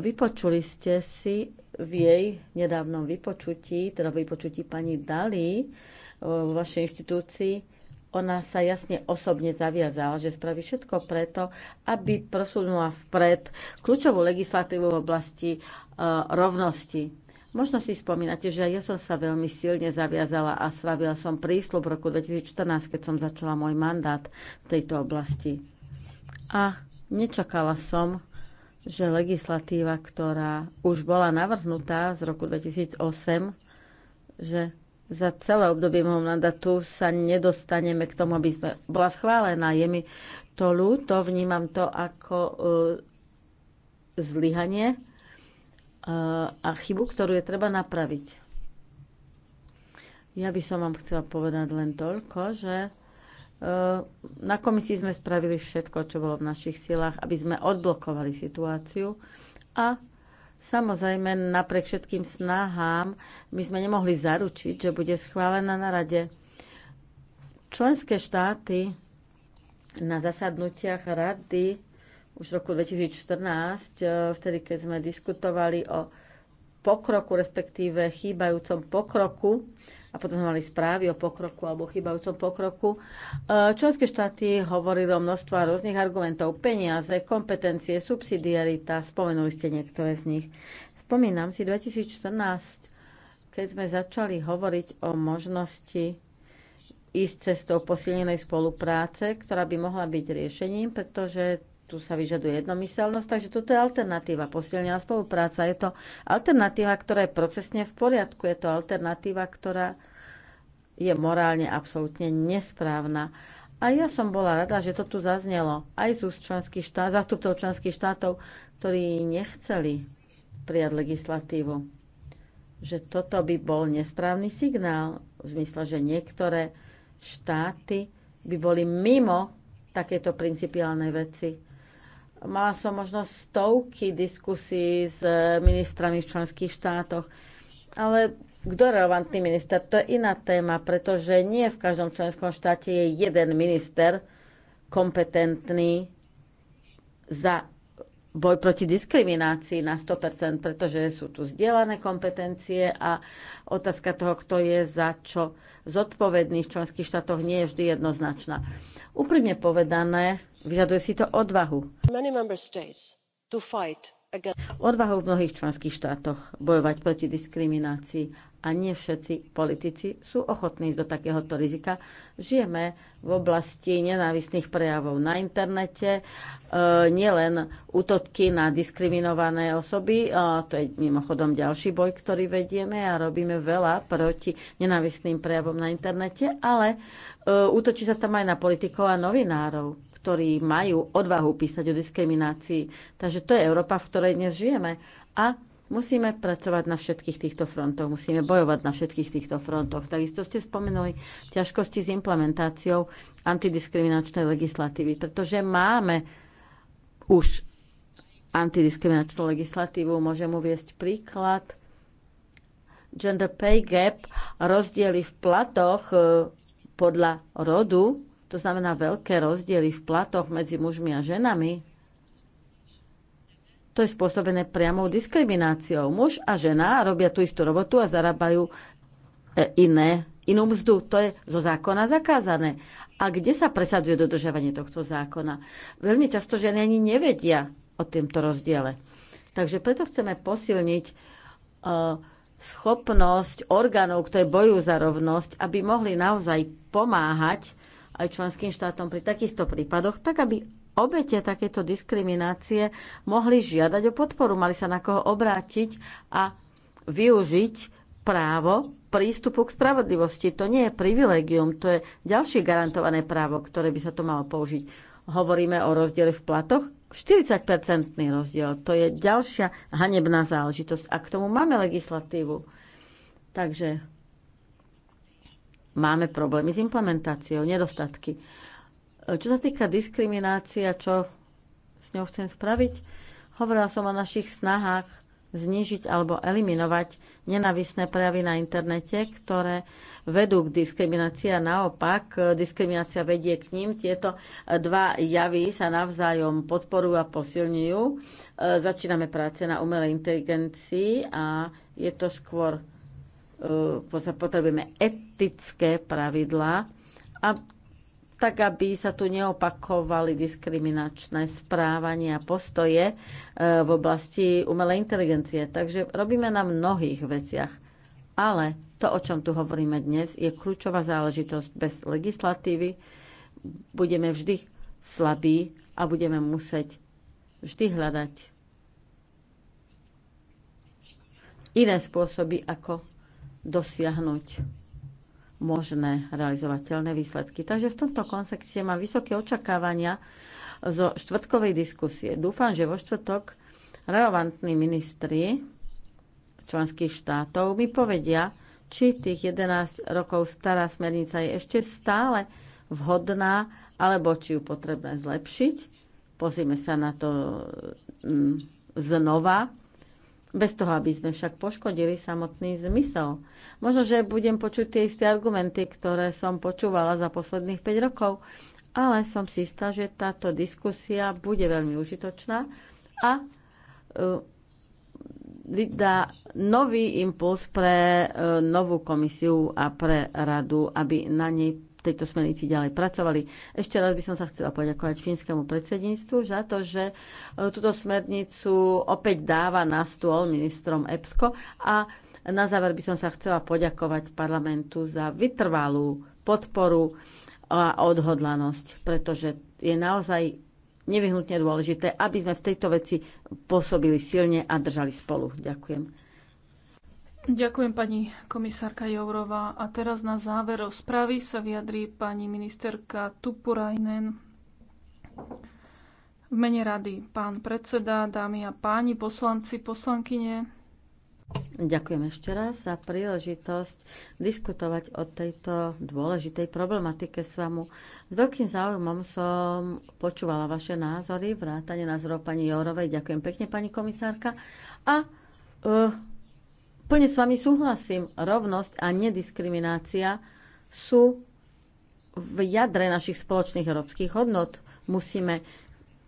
Vypočuli ste si v jej nedávnom vypočutí, teda vypočutí pani Dali eh, v vašej inštitúcii, ona sa jasne osobne zaviazala, že spraví všetko preto, aby prosunula vpred kľúčovú legislatívu v oblasti eh, rovnosti. Možno si spomínate, že ja som sa veľmi silne zaviazala a slavila som prísľub v roku 2014, keď som začala môj mandát v tejto oblasti. A nečakala som, že legislatíva, ktorá už bola navrhnutá z roku 2008, že za celé obdobie môjho mandátu sa nedostaneme k tomu, aby sme bola schválená. Je mi to ľúto, vnímam to ako uh, zlyhanie uh, a chybu, ktorú je treba napraviť. Ja by som vám chcela povedať len toľko, že na komisii sme spravili všetko, čo bolo v našich silách, aby sme odblokovali situáciu a samozrejme napriek všetkým snahám my sme nemohli zaručiť, že bude schválená na rade. Členské štáty na zasadnutiach rady už v roku 2014, e, vtedy keď sme diskutovali o pokroku, respektíve chýbajúcom pokroku a potom sme mali správy o pokroku alebo chýbajúcom pokroku. E, členské štáty hovorili o množstva rôznych argumentov, peniaze, kompetencie, subsidiarita, spomenuli ste niektoré z nich. Spomínam si 2014, keď sme začali hovoriť o možnosti ísť cestou posilnenej spolupráce, ktorá by mohla byť riešením, pretože tu sa vyžaduje jednomyselnosť, takže toto je alternatíva, posilnená spolupráca. Je to alternatíva, ktorá je procesne v poriadku, je to alternatíva, ktorá je morálne absolútne nesprávna. A ja som bola rada, že to tu zaznelo aj z členských štát, zastupcov členských štátov, ktorí nechceli prijať legislatívu. Že toto by bol nesprávny signál, v zmysle, že niektoré štáty by boli mimo takéto principiálnej veci Mala som možno stovky diskusí s eh, ministrami v členských štátoch. Ale kto je relevantný minister, to je iná téma, pretože nie v každom členskom štáte je jeden minister kompetentný za boj proti diskriminácii na 100%, pretože sú tu zdieľané kompetencie a otázka toho, kto je za čo zodpovedný v členských štátoch, nie je vždy jednoznačná. Úprimne povedané, vyžaduje si to odvahu. Odvahu v mnohých členských štátoch bojovať proti diskriminácii a nie všetci politici sú ochotní ísť do takéhoto rizika. Žijeme v oblasti nenávistných prejavov na internete, e, nielen útoky na diskriminované osoby, a to je mimochodom ďalší boj, ktorý vedieme a robíme veľa proti nenávistným prejavom na internete, ale e, útočí sa tam aj na politikov a novinárov, ktorí majú odvahu písať o diskriminácii. Takže to je Európa, v ktorej dnes žijeme. A Musíme pracovať na všetkých týchto frontoch, musíme bojovať na všetkých týchto frontoch. Takisto ste spomenuli ťažkosti s implementáciou antidiskriminačnej legislatívy, pretože máme už antidiskriminačnú legislatívu. Môžem uviesť príklad. Gender pay gap, rozdiely v platoch e, podľa rodu, to znamená veľké rozdiely v platoch medzi mužmi a ženami, to je spôsobené priamou diskrimináciou. Muž a žena robia tú istú robotu a zarábajú e, iné, inú mzdu. To je zo zákona zakázané. A kde sa presadzuje dodržiavanie tohto zákona? Veľmi často ženy ani nevedia o tomto rozdiele. Takže preto chceme posilniť e, schopnosť orgánov, ktoré bojujú za rovnosť, aby mohli naozaj pomáhať aj členským štátom pri takýchto prípadoch, tak aby obete takéto diskriminácie mohli žiadať o podporu, mali sa na koho obrátiť a využiť právo prístupu k spravodlivosti. To nie je privilegium, to je ďalšie garantované právo, ktoré by sa to malo použiť. Hovoríme o rozdiele v platoch, 40-percentný rozdiel, to je ďalšia hanebná záležitosť. A k tomu máme legislatívu. Takže máme problémy s implementáciou, nedostatky. E, čo sa týka diskriminácia, čo s ňou chcem spraviť, hovorila som o našich snahách znižiť alebo eliminovať nenavisné prejavy na internete, ktoré vedú k diskriminácii a naopak e, diskriminácia vedie k ním. Tieto e, dva javy sa navzájom podporujú a posilňujú. Začíname práce na umelej inteligencii a je to skôr potrebujeme etické pravidlá a tak aby sa tu neopakovali diskriminačné správania a postoje e, v oblasti umelej inteligencie. Takže robíme na mnohých veciach. Ale to, o čom tu hovoríme dnes, je kľúčová záležitosť. Bez legislatívy budeme vždy slabí a budeme musieť vždy hľadať iné spôsoby, ako dosiahnuť možné realizovateľné výsledky. Takže v tomto kontexte mám vysoké očakávania zo štvrtkovej diskusie. Dúfam, že vo štvrtok relevantní ministri členských štátov mi povedia, či tých 11 rokov stará smernica je ešte stále vhodná, alebo či ju potrebné zlepšiť. Pozrime sa na to mm, znova bez toho, aby sme však poškodili samotný zmysel. Možno, že budem počuť tie isté argumenty, ktoré som počúvala za posledných 5 rokov, ale som si istá, že táto diskusia bude veľmi užitočná a uh, e, dá nový impuls pre uh, novú komisiu a pre radu, aby na nej tejto smernici ďalej pracovali. Ešte raz by som sa chcela poďakovať fínskemu predsedníctvu za to, že e, túto smernicu opäť dáva na stôl ministrom EPSCO a na záver by som sa chcela poďakovať parlamentu za vytrvalú podporu a odhodlanosť, pretože je naozaj nevyhnutne dôležité, aby sme v tejto veci pôsobili silne a držali spolu. Ďakujem. Ďakujem pani komisárka Jourová. A teraz na záver rozpravy sa vyjadrí pani ministerka Tupurajnen. V mene rady pán predseda, dámy a páni, poslanci, poslankyne. Ďakujem ešte raz za príležitosť diskutovať o tejto dôležitej problematike s vami. S veľkým záujmom som počúvala vaše názory, vrátane názorov pani Jourovej. Ďakujem pekne, pani komisárka. A uh, Plne s vami súhlasím. Rovnosť a nediskriminácia sú v jadre našich spoločných európskych hodnot. Musíme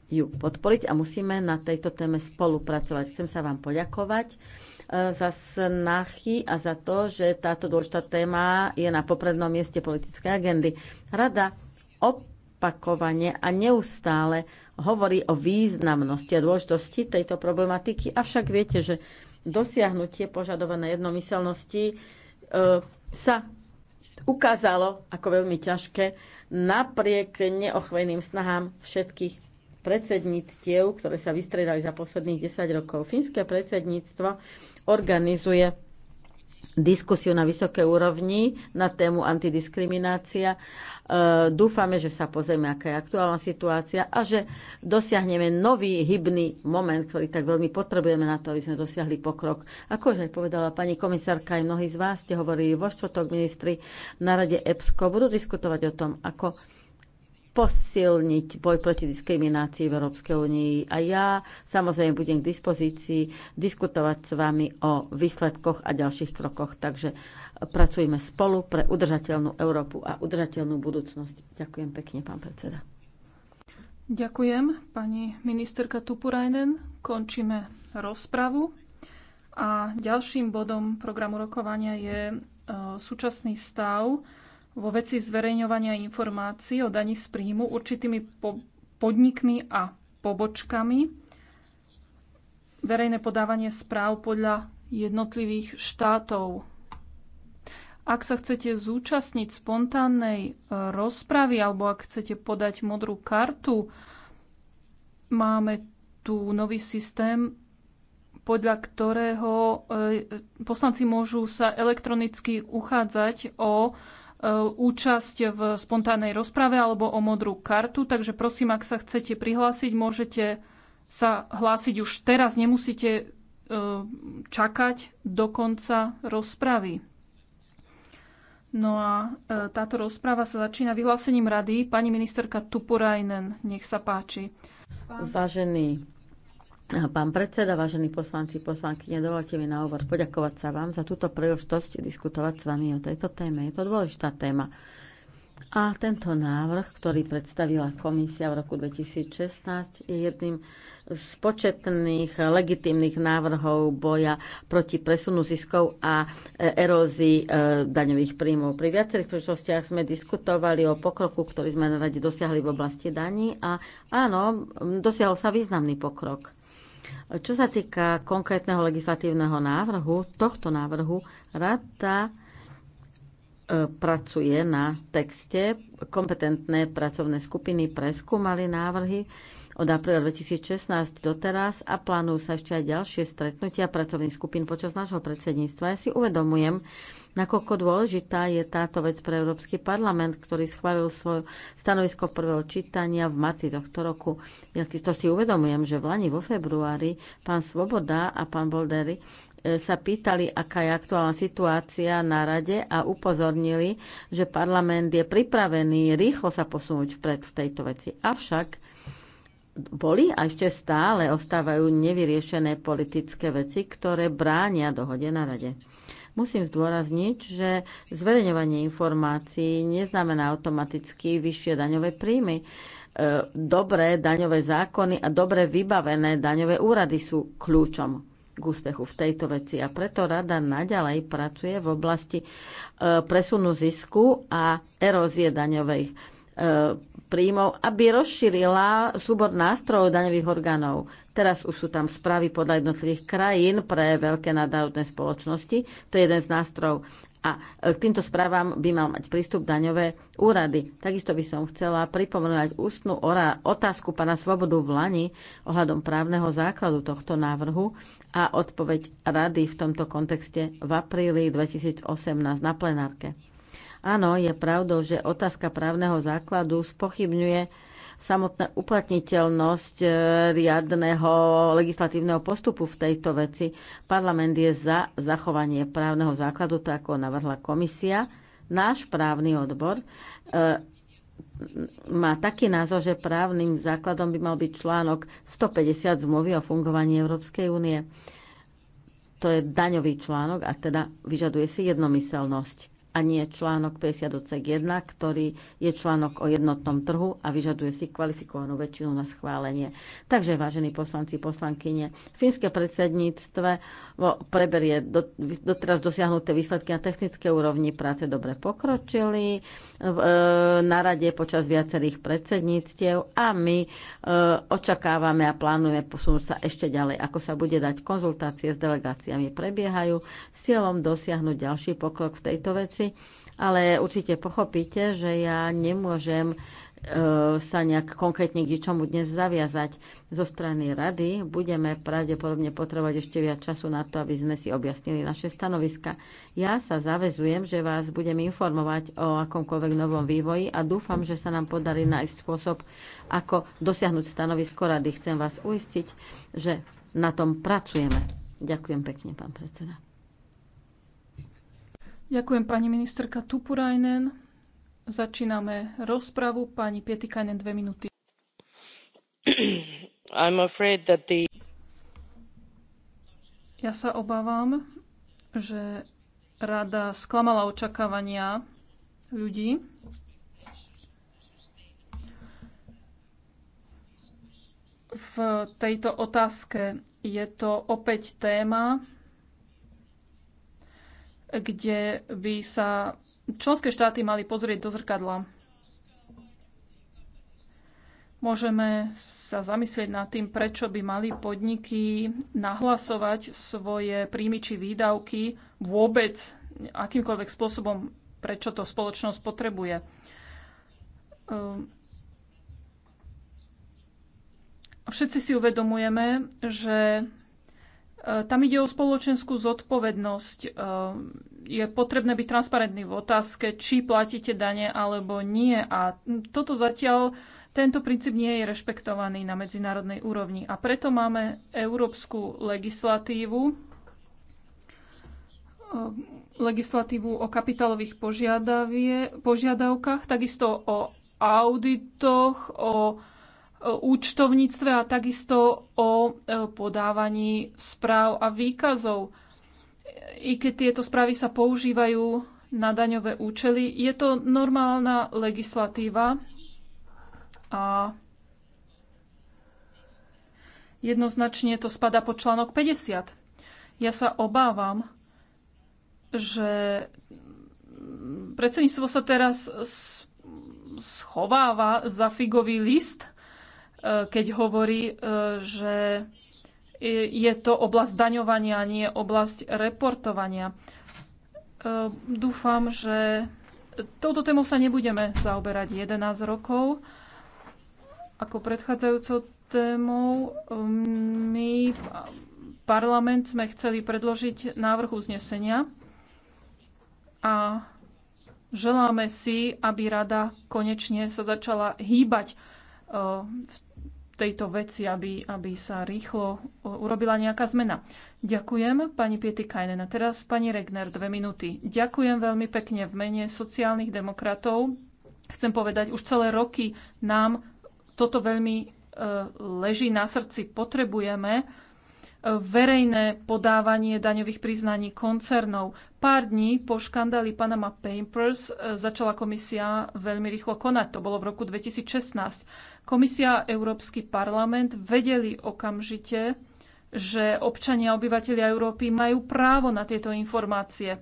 ju podporiť a musíme na tejto téme spolupracovať. Chcem sa vám poďakovať eh, za snahy a za to, že táto dôležitá téma je na poprednom mieste politickej agendy. Rada opakovane a neustále hovorí o významnosti a dôležitosti tejto problematiky, avšak viete, že dosiahnutie požadované jednomyselnosti e, sa ukázalo ako veľmi ťažké napriek neochvejným snahám všetkých predsedníctiev, ktoré sa vystredali za posledných 10 rokov. Fínske predsedníctvo organizuje diskusiu na vysokej úrovni na tému antidiskriminácia. E, dúfame, že sa pozrieme, aká je aktuálna situácia a že dosiahneme nový hybný moment, ktorý tak veľmi potrebujeme na to, aby sme dosiahli pokrok. Ako už aj povedala pani komisárka, aj mnohí z vás ste hovorili vo štvrtok ministri na rade EPSCO, budú diskutovať o tom, ako posilniť boj proti diskriminácii v Európskej únii. A ja samozrejme budem k dispozícii diskutovať s vami o výsledkoch a ďalších krokoch. Takže pracujme spolu pre udržateľnú Európu a udržateľnú budúcnosť. Ďakujem pekne, pán predseda. Ďakujem, pani ministerka Tupurajnen. Končíme rozpravu. A ďalším bodom programu rokovania je e, súčasný stav vo veci zverejňovania informácií o daní z príjmu určitými po- podnikmi a pobočkami, verejné podávanie správ podľa jednotlivých štátov. Ak sa chcete zúčastniť spontánnej e, rozpravy alebo ak chcete podať modrú kartu, máme tu nový systém, podľa ktorého e, poslanci môžu sa elektronicky uchádzať o E, účasť v spontánnej rozprave alebo o modrú kartu. Takže prosím, ak sa chcete prihlásiť, môžete sa hlásiť už teraz. Nemusíte e, čakať do konca rozpravy. No a e, táto rozpráva sa začína vyhlásením rady. Pani ministerka Tupurajnen, nech sa páči. Vážený Pán predseda, vážení poslanci, poslanky, nedovolte mi na úvod poďakovať sa vám za túto príležitosť diskutovať s vami o tejto téme. Je to dôležitá téma. A tento návrh, ktorý predstavila komisia v roku 2016, je jedným z početných legitimných návrhov boja proti presunu ziskov a e, erózii e, daňových príjmov. Pri viacerých príležitostiach sme diskutovali o pokroku, ktorý sme rade dosiahli v oblasti daní a áno, dosiahol sa významný pokrok čo sa týka konkrétneho legislatívneho návrhu, tohto návrhu, rada e, pracuje na texte. Kompetentné pracovné skupiny preskúmali návrhy od apríla 2016 doteraz a plánujú sa ešte aj ďalšie stretnutia pracovných skupín počas nášho predsedníctva. Ja si uvedomujem, Nakoľko dôležitá je táto vec pre Európsky parlament, ktorý schválil svoje stanovisko prvého čítania v marci tohto roku. Ja to si uvedomujem, že v Lani vo februári pán Svoboda a pán Boldery e, sa pýtali, aká je aktuálna situácia na rade a upozornili, že parlament je pripravený rýchlo sa posunúť vpred v tejto veci. Avšak boli a ešte stále ostávajú nevyriešené politické veci, ktoré bránia dohode na rade. Musím zdôrazniť, že zverejňovanie informácií neznamená automaticky vyššie daňové príjmy. E, dobré daňové zákony a dobre vybavené daňové úrady sú kľúčom k úspechu v tejto veci a preto rada naďalej pracuje v oblasti e, presunu zisku a erózie daňových e, príjmov, aby rozšírila súbor nástrojov daňových orgánov. Teraz už sú tam správy podľa jednotlivých krajín pre veľké nadárodné spoločnosti. To je jeden z nástrojov. A e, k týmto správam by mal mať prístup daňové úrady. Takisto by som chcela pripomenúť ústnu otázku pana Svobodu v Lani ohľadom právneho základu tohto návrhu a odpoveď rady v tomto kontexte v apríli 2018 na plenárke. Áno, je pravdou, že otázka právneho základu spochybňuje samotná uplatniteľnosť e, riadného legislatívneho postupu v tejto veci. Parlament je za zachovanie právneho základu, tak ako navrhla komisia. Náš právny odbor e, má taký názor, že právnym základom by mal byť článok 150 zmluvy o fungovaní Európskej únie. To je daňový článok a teda vyžaduje si jednomyselnosť a nie článok 50 1, ktorý je článok o jednotnom trhu a vyžaduje si kvalifikovanú väčšinu na schválenie. Takže, vážení poslanci, poslankyne, fínske predsedníctve preberie doteraz dosiahnuté výsledky na technické úrovni práce dobre pokročili e, na rade počas viacerých predsedníctiev a my e, očakávame a plánujeme posunúť sa ešte ďalej, ako sa bude dať konzultácie s delegáciami prebiehajú s cieľom dosiahnuť ďalší pokrok v tejto veci ale určite pochopíte, že ja nemôžem e, sa nejak konkrétne k čomu dnes zaviazať zo strany rady. Budeme pravdepodobne potrebovať ešte viac času na to, aby sme si objasnili naše stanoviska. Ja sa zavezujem, že vás budem informovať o akomkoľvek novom vývoji a dúfam, že sa nám podarí nájsť spôsob, ako dosiahnuť stanovisko rady. Chcem vás uistiť, že na tom pracujeme. Ďakujem pekne, pán predseda. Ďakujem pani ministerka Tupurajnen. Začíname rozpravu. Pani Pietikajnen, dve minúty. [CLEARS THROAT] I'm afraid that the... Ja sa obávam, že rada sklamala očakávania ľudí. V tejto otázke je to opäť téma, kde by sa členské štáty mali pozrieť do zrkadla. Môžeme sa zamyslieť nad tým, prečo by mali podniky nahlasovať svoje príjmy či výdavky vôbec akýmkoľvek spôsobom, prečo to spoločnosť potrebuje. Ehm, všetci si uvedomujeme, že tam ide o spoločenskú zodpovednosť. Ehm, je potrebné byť transparentný v otázke, či platíte dane alebo nie. A toto zatiaľ, tento princíp nie je rešpektovaný na medzinárodnej úrovni. A preto máme európsku legislatívu, ehm, legislatívu o kapitálových požiadavkách, takisto o auditoch, o E, účtovníctve a takisto o e, podávaní správ a výkazov. I keď tieto správy sa používajú na daňové účely, je to normálna legislatíva a jednoznačne to spada pod článok 50. Ja sa obávam, že predsedníctvo sa teraz schováva za figový list – Eh, keď hovorí, eh, že je to oblasť daňovania, nie oblasť reportovania. Eh, dúfam, že touto témou sa nebudeme zaoberať 11 rokov. Ako predchádzajúcou témou mm, my parlament sme chceli predložiť návrh uznesenia a želáme si, aby rada konečne sa začala hýbať v tejto veci, aby, aby sa rýchlo e, urobila nejaká zmena. Ďakujem pani Piety Kajnen. A teraz pani Regner, dve minúty. Ďakujem veľmi pekne v mene sociálnych demokratov. Chcem povedať, už celé roky nám toto veľmi e, leží na srdci. Potrebujeme verejné podávanie daňových priznaní koncernov. Pár dní po škandáli Panama Papers e, začala komisia veľmi rýchlo konať. To bolo v roku 2016. Komisia a Európsky parlament vedeli okamžite, že občania a obyvateľia Európy majú právo na tieto informácie.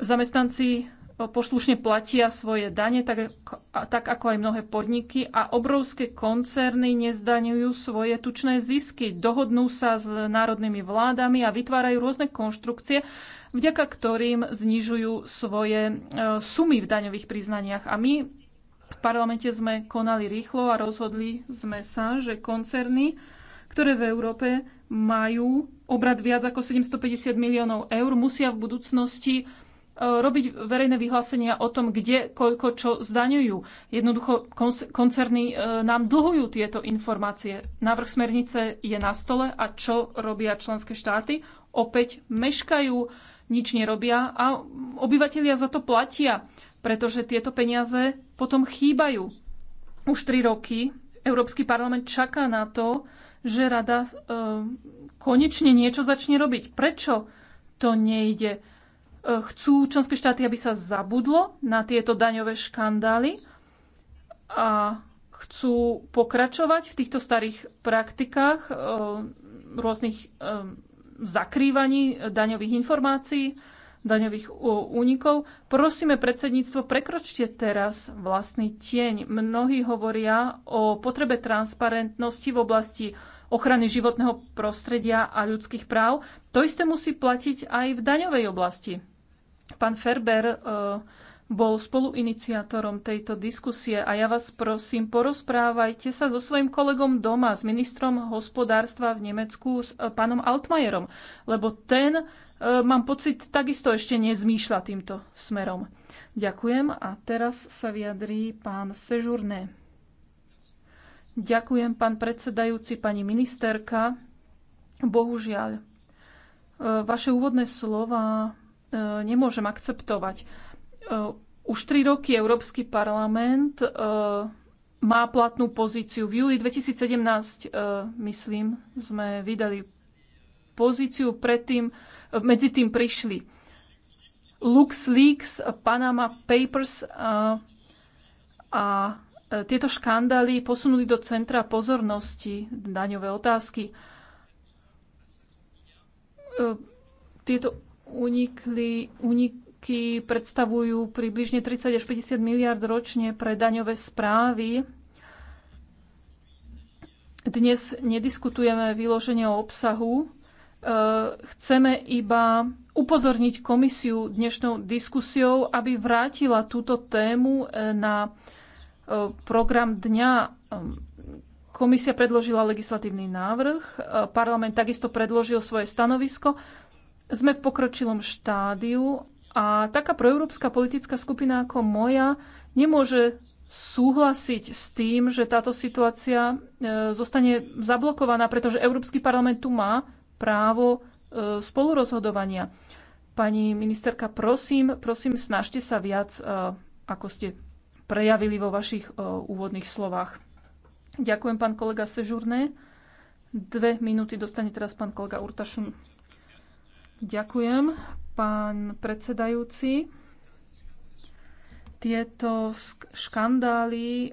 Zamestnanci poslušne platia svoje dane, tak, tak ako aj mnohé podniky a obrovské koncerny nezdaňujú svoje tučné zisky, dohodnú sa s národnými vládami a vytvárajú rôzne konštrukcie, vďaka ktorým znižujú svoje e, sumy v daňových priznaniach. A my v parlamente sme konali rýchlo a rozhodli sme sa, že koncerny, ktoré v Európe majú obrad viac ako 750 miliónov eur, musia v budúcnosti E, robiť verejné vyhlásenia o tom, kde koľko čo zdaňujú. Jednoducho koncerny e, nám dlhujú tieto informácie. Návrh smernice je na stole a čo robia členské štáty? Opäť meškajú, nič nerobia a obyvatelia za to platia, pretože tieto peniaze potom chýbajú. Už tri roky Európsky parlament čaká na to, že rada e, konečne niečo začne robiť. Prečo to nejde? E, chcú členské štáty, aby sa zabudlo na tieto daňové škandály a chcú pokračovať v týchto starých praktikách e, rôznych e, zakrývaní daňových informácií, daňových únikov. Prosíme predsedníctvo, prekročte teraz vlastný tieň. Mnohí hovoria o potrebe transparentnosti v oblasti ochrany životného prostredia a ľudských práv. To isté musí platiť aj v daňovej oblasti. Pán Ferber eh, bol spoluiniciátorom tejto diskusie a ja vás prosím, porozprávajte sa so svojím kolegom doma, s ministrom hospodárstva v Nemecku, s eh, pánom Altmajerom, lebo ten, eh, mám pocit, takisto ešte nezmýšľa týmto smerom. Ďakujem a teraz sa vyjadrí pán Sežurné. Ďakujem, pán predsedajúci, pani ministerka. Bohužiaľ, vaše úvodné slova E, nemôžem akceptovať. E, už tri roky Európsky parlament e, má platnú pozíciu. V júli 2017, myslím, sme vydali pozíciu, predtým, medzi tým prišli LuxLeaks, Panama Papers a, a tieto škandály posunuli do centra pozornosti daňové otázky. Tieto unikli, uniky predstavujú približne 30 až 50 miliard ročne pre daňové správy. Dnes nediskutujeme vyloženie o obsahu. E, chceme iba upozorniť komisiu dnešnou diskusiou, aby vrátila túto tému e, na e, program dňa. Komisia predložila legislatívny návrh, parlament takisto predložil svoje stanovisko sme v pokročilom štádiu a taká proeurópska politická skupina ako moja nemôže súhlasiť s tým, že táto situácia e, zostane zablokovaná, pretože Európsky parlament tu má právo e, spolurozhodovania. Pani ministerka, prosím, prosím, snažte sa viac, e, ako ste prejavili vo vašich úvodných slovách. Ďakujem, pán kolega Sežurné. Dve minúty dostane teraz pán kolega Urtašun. Ďakujem, pán predsedajúci. Tieto škandály, e,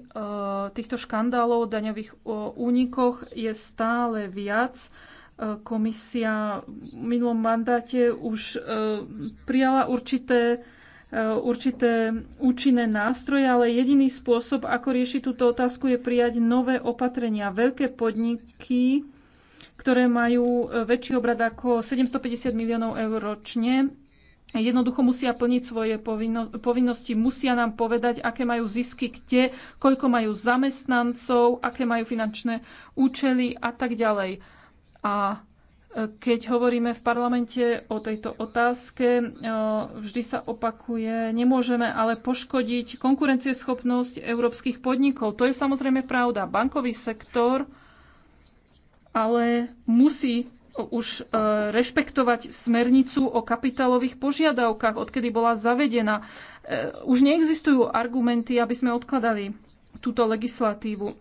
týchto škandálov o daňových únikoch je stále viac. E, komisia v minulom mandáte už e, prijala určité určité účinné nástroje, ale jediný spôsob, ako riešiť túto otázku, je prijať nové opatrenia. Veľké podniky ktoré majú e, väčší obrad ako 750 miliónov eur ročne, jednoducho musia plniť svoje povinno, povinnosti, musia nám povedať, aké majú zisky, kde, koľko majú zamestnancov, aké majú finančné účely a tak ďalej. A e, keď hovoríme v parlamente o tejto otázke, e, vždy sa opakuje, nemôžeme ale poškodiť konkurencieschopnosť európskych podnikov. To je samozrejme pravda. Bankový sektor ale musí už e, rešpektovať smernicu o kapitálových požiadavkách, odkedy bola zavedená. E, už neexistujú argumenty, aby sme odkladali túto legislatívu.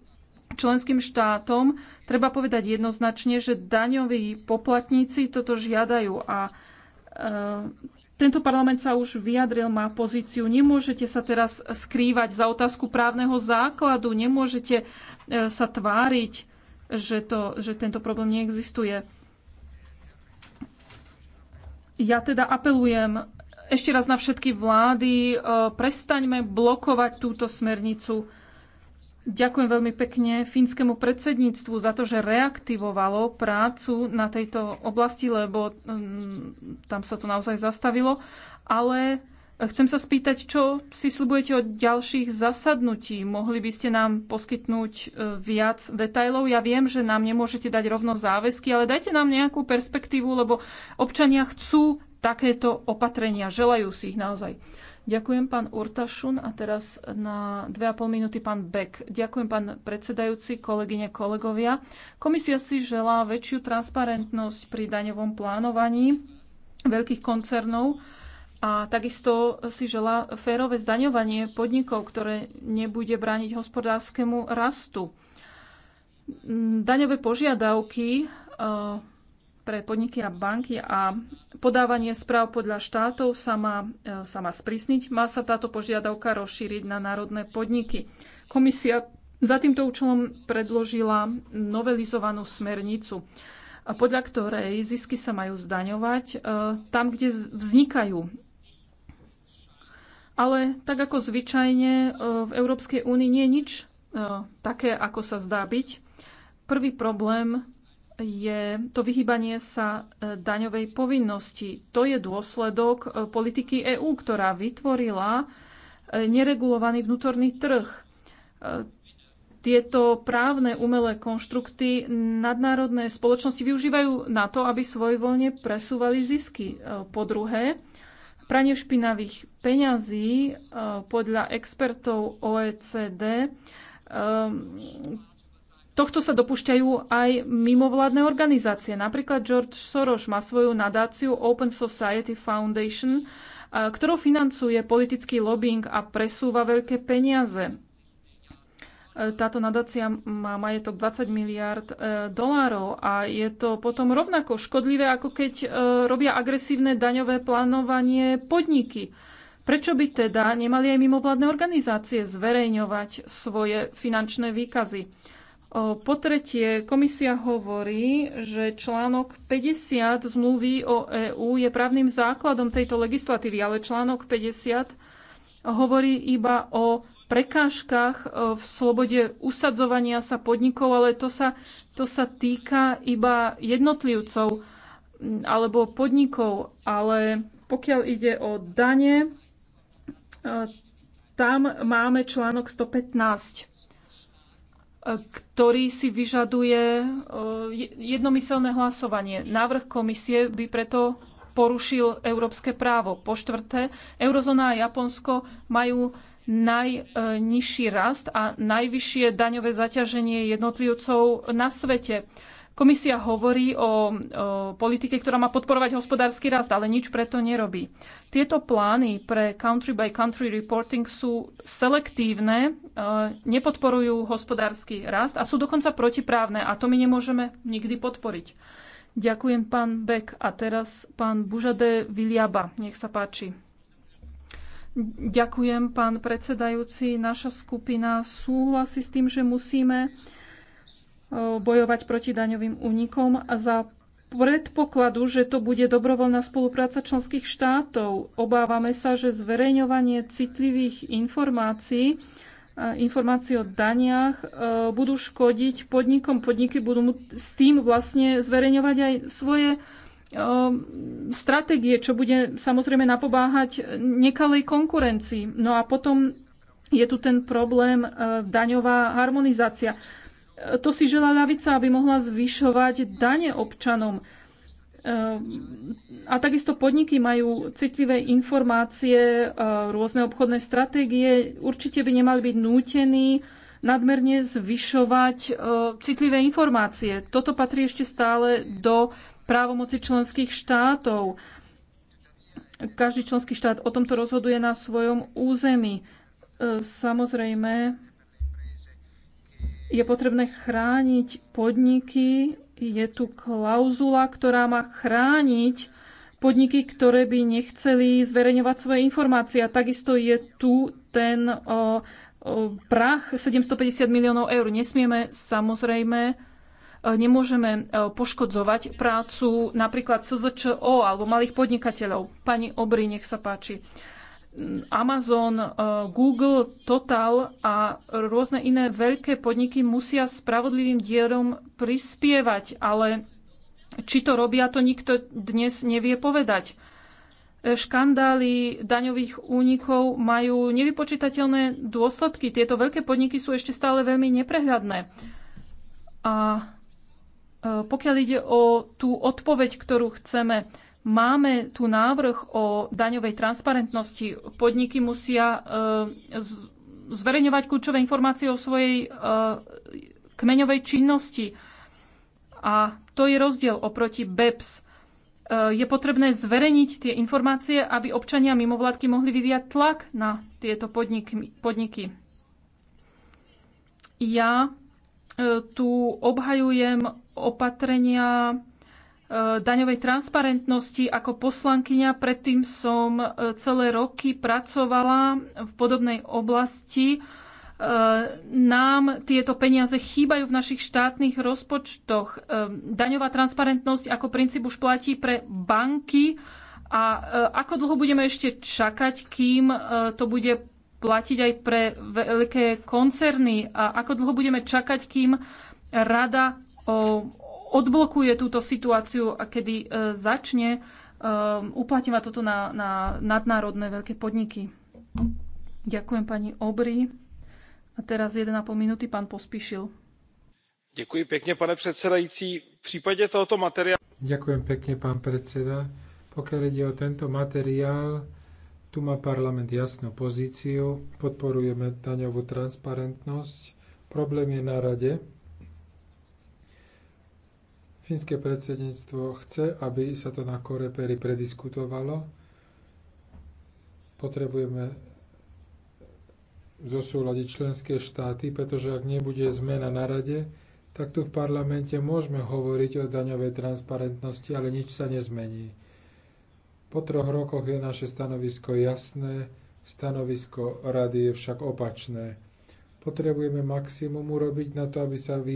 Členským štátom treba povedať jednoznačne, že daňoví poplatníci toto žiadajú a e, tento parlament sa už vyjadril, má pozíciu. Nemôžete sa teraz skrývať za otázku právneho základu, nemôžete sa tváriť, že, to, že tento problém neexistuje. Ja teda apelujem ešte raz na všetky vlády, e, prestaňme blokovať túto smernicu. Ďakujem veľmi pekne fínskemu predsedníctvu za to, že reaktivovalo prácu na tejto oblasti, lebo mm, tam sa to naozaj zastavilo. Ale Chcem sa spýtať, čo si slibujete od ďalších zasadnutí? Mohli by ste nám poskytnúť e, viac detajlov? Ja viem, že nám nemôžete dať rovno záväzky, ale dajte nám nejakú perspektívu, lebo občania chcú takéto opatrenia, želajú si ich naozaj. Ďakujem pán Urtašun a teraz na 2,5 minúty pán Beck. Ďakujem pán predsedajúci, kolegyne, kolegovia. Komisia si želá väčšiu transparentnosť pri daňovom plánovaní veľkých koncernov a takisto si žela férové zdaňovanie podnikov, ktoré nebude brániť hospodárskemu rastu. Daňové požiadavky e, pre podniky a banky a podávanie správ podľa štátov sa má, e, sa má sprísniť. Má sa táto požiadavka rozšíriť na národné podniky. Komisia za týmto účelom predložila novelizovanú smernicu podľa ktorej zisky sa majú zdaňovať e, tam, kde vznikajú. Ale tak ako zvyčajne e, v Európskej únii nie je nič e, také, ako sa zdá byť. Prvý problém je to vyhýbanie sa daňovej povinnosti. To je dôsledok politiky EÚ, ktorá vytvorila neregulovaný vnútorný trh. Tieto právne umelé konštrukty nadnárodné spoločnosti využívajú na to, aby svojvoľne presúvali zisky. E, po druhé, pranie špinavých peňazí e, podľa expertov OECD e, Tohto sa dopúšťajú aj mimovládne organizácie. Napríklad George Soros má svoju nadáciu Open Society Foundation, ktorou financuje politický lobbying a presúva veľké peniaze. Táto nadácia má majetok 20 miliard e, dolárov a je to potom rovnako škodlivé, ako keď e, robia agresívne daňové plánovanie podniky. Prečo by teda nemali aj mimovládne organizácie zverejňovať svoje finančné výkazy? Po tretie, komisia hovorí, že článok 50 zmluvy o EÚ je právnym základom tejto legislatívy, ale článok 50 hovorí iba o prekážkach e, v slobode usadzovania sa podnikov, ale to sa, to sa týka iba jednotlivcov alebo podnikov. Ale pokiaľ ide o dane, e, tam máme článok 115 e, ktorý si vyžaduje jednomyselné hlasovanie. Návrh komisie by preto porušil európske právo. Po štvrté, eurozóna a Japonsko majú najnižší rast a najvyššie daňové zaťaženie jednotlivcov na svete. Komisia hovorí o, o politike, ktorá má podporovať hospodársky rast, ale nič preto nerobí. Tieto plány pre country by country reporting sú selektívne, e, nepodporujú hospodársky rast a sú dokonca protiprávne a to my nemôžeme nikdy podporiť. Ďakujem pán Beck a teraz pán Bužade Viliaba. Nech sa páči. Ďakujem, pán predsedajúci. Naša skupina súhlasí s tým, že musíme e, bojovať proti daňovým únikom a za predpokladu, že to bude dobrovoľná spolupráca členských štátov. Obávame sa, že zverejňovanie citlivých informácií informácií o daniach e, budú škodiť podnikom. Podniky budú s tým vlastne zverejňovať aj svoje Ehm, stratégie, čo bude samozrejme napobáhať nekalej konkurencii. No a potom je tu ten problém ehm, daňová harmonizácia. Ehm, to si žela ľavica, aby mohla zvyšovať dane občanom. A takisto podniky majú citlivé informácie, rôzne obchodné stratégie. Určite by nemali byť nútení nadmerne zvyšovať citlivé informácie. Toto patrí ešte stále do právomoci členských štátov. Každý členský štát o tomto rozhoduje na svojom území. E, samozrejme, je potrebné chrániť podniky. Je tu klauzula, ktorá má chrániť podniky, ktoré by nechceli zverejňovať svoje informácie. A takisto je tu ten o, o, prach 750 miliónov eur. Nesmieme samozrejme nemôžeme e, poškodzovať prácu napríklad SZČO alebo malých podnikateľov. Pani Obry, nech sa páči. Amazon, e, Google, Total a rôzne iné veľké podniky musia spravodlivým dierom prispievať, ale či to robia, to nikto dnes nevie povedať. E, škandály daňových únikov majú nevypočítateľné dôsledky. Tieto veľké podniky sú ešte stále veľmi neprehľadné. A E, pokiaľ ide o tú odpoveď, ktorú chceme, máme tu návrh o daňovej transparentnosti. Podniky musia e, zverejňovať kľúčové informácie o svojej e, kmeňovej činnosti. A to je rozdiel oproti BEPS. Je potrebné zverejniť tie informácie, aby občania mimovládky mohli vyvíjať tlak na tieto podniky. Ja tu obhajujem opatrenia e, daňovej transparentnosti. Ako poslankyňa predtým som e, celé roky pracovala v podobnej oblasti. E, nám tieto peniaze chýbajú v našich štátnych rozpočtoch. Daňová transparentnosť ako princíp už platí pre banky. A ako dlho budeme ešte čakať, kým to bude platiť aj pre veľké koncerny? A ako dlho budeme čakať, kým rada odblokuje túto situáciu a kedy e, začne e, uplatňovať toto na, na nadnárodné veľké podniky. Ďakujem pani Obry. A teraz 1,5 minúty pán Pospíšil. Ďakujem pekne, pane predsedajúci. V prípade tohoto materiálu... Ďakujem pekne, pán predseda. Pokiaľ ide o tento materiál, tu má parlament jasnú pozíciu, podporujeme daňovú transparentnosť. Problém je na rade, Fínske predsedníctvo chce, aby sa to na Koreperi prediskutovalo. Potrebujeme zosúľadiť členské štáty, pretože ak nebude zmena na rade, tak tu v parlamente môžeme hovoriť o daňovej transparentnosti, ale nič sa nezmení. Po troch rokoch je naše stanovisko jasné, stanovisko rady je však opačné. Potrebujeme maximum urobiť na to, aby sa vy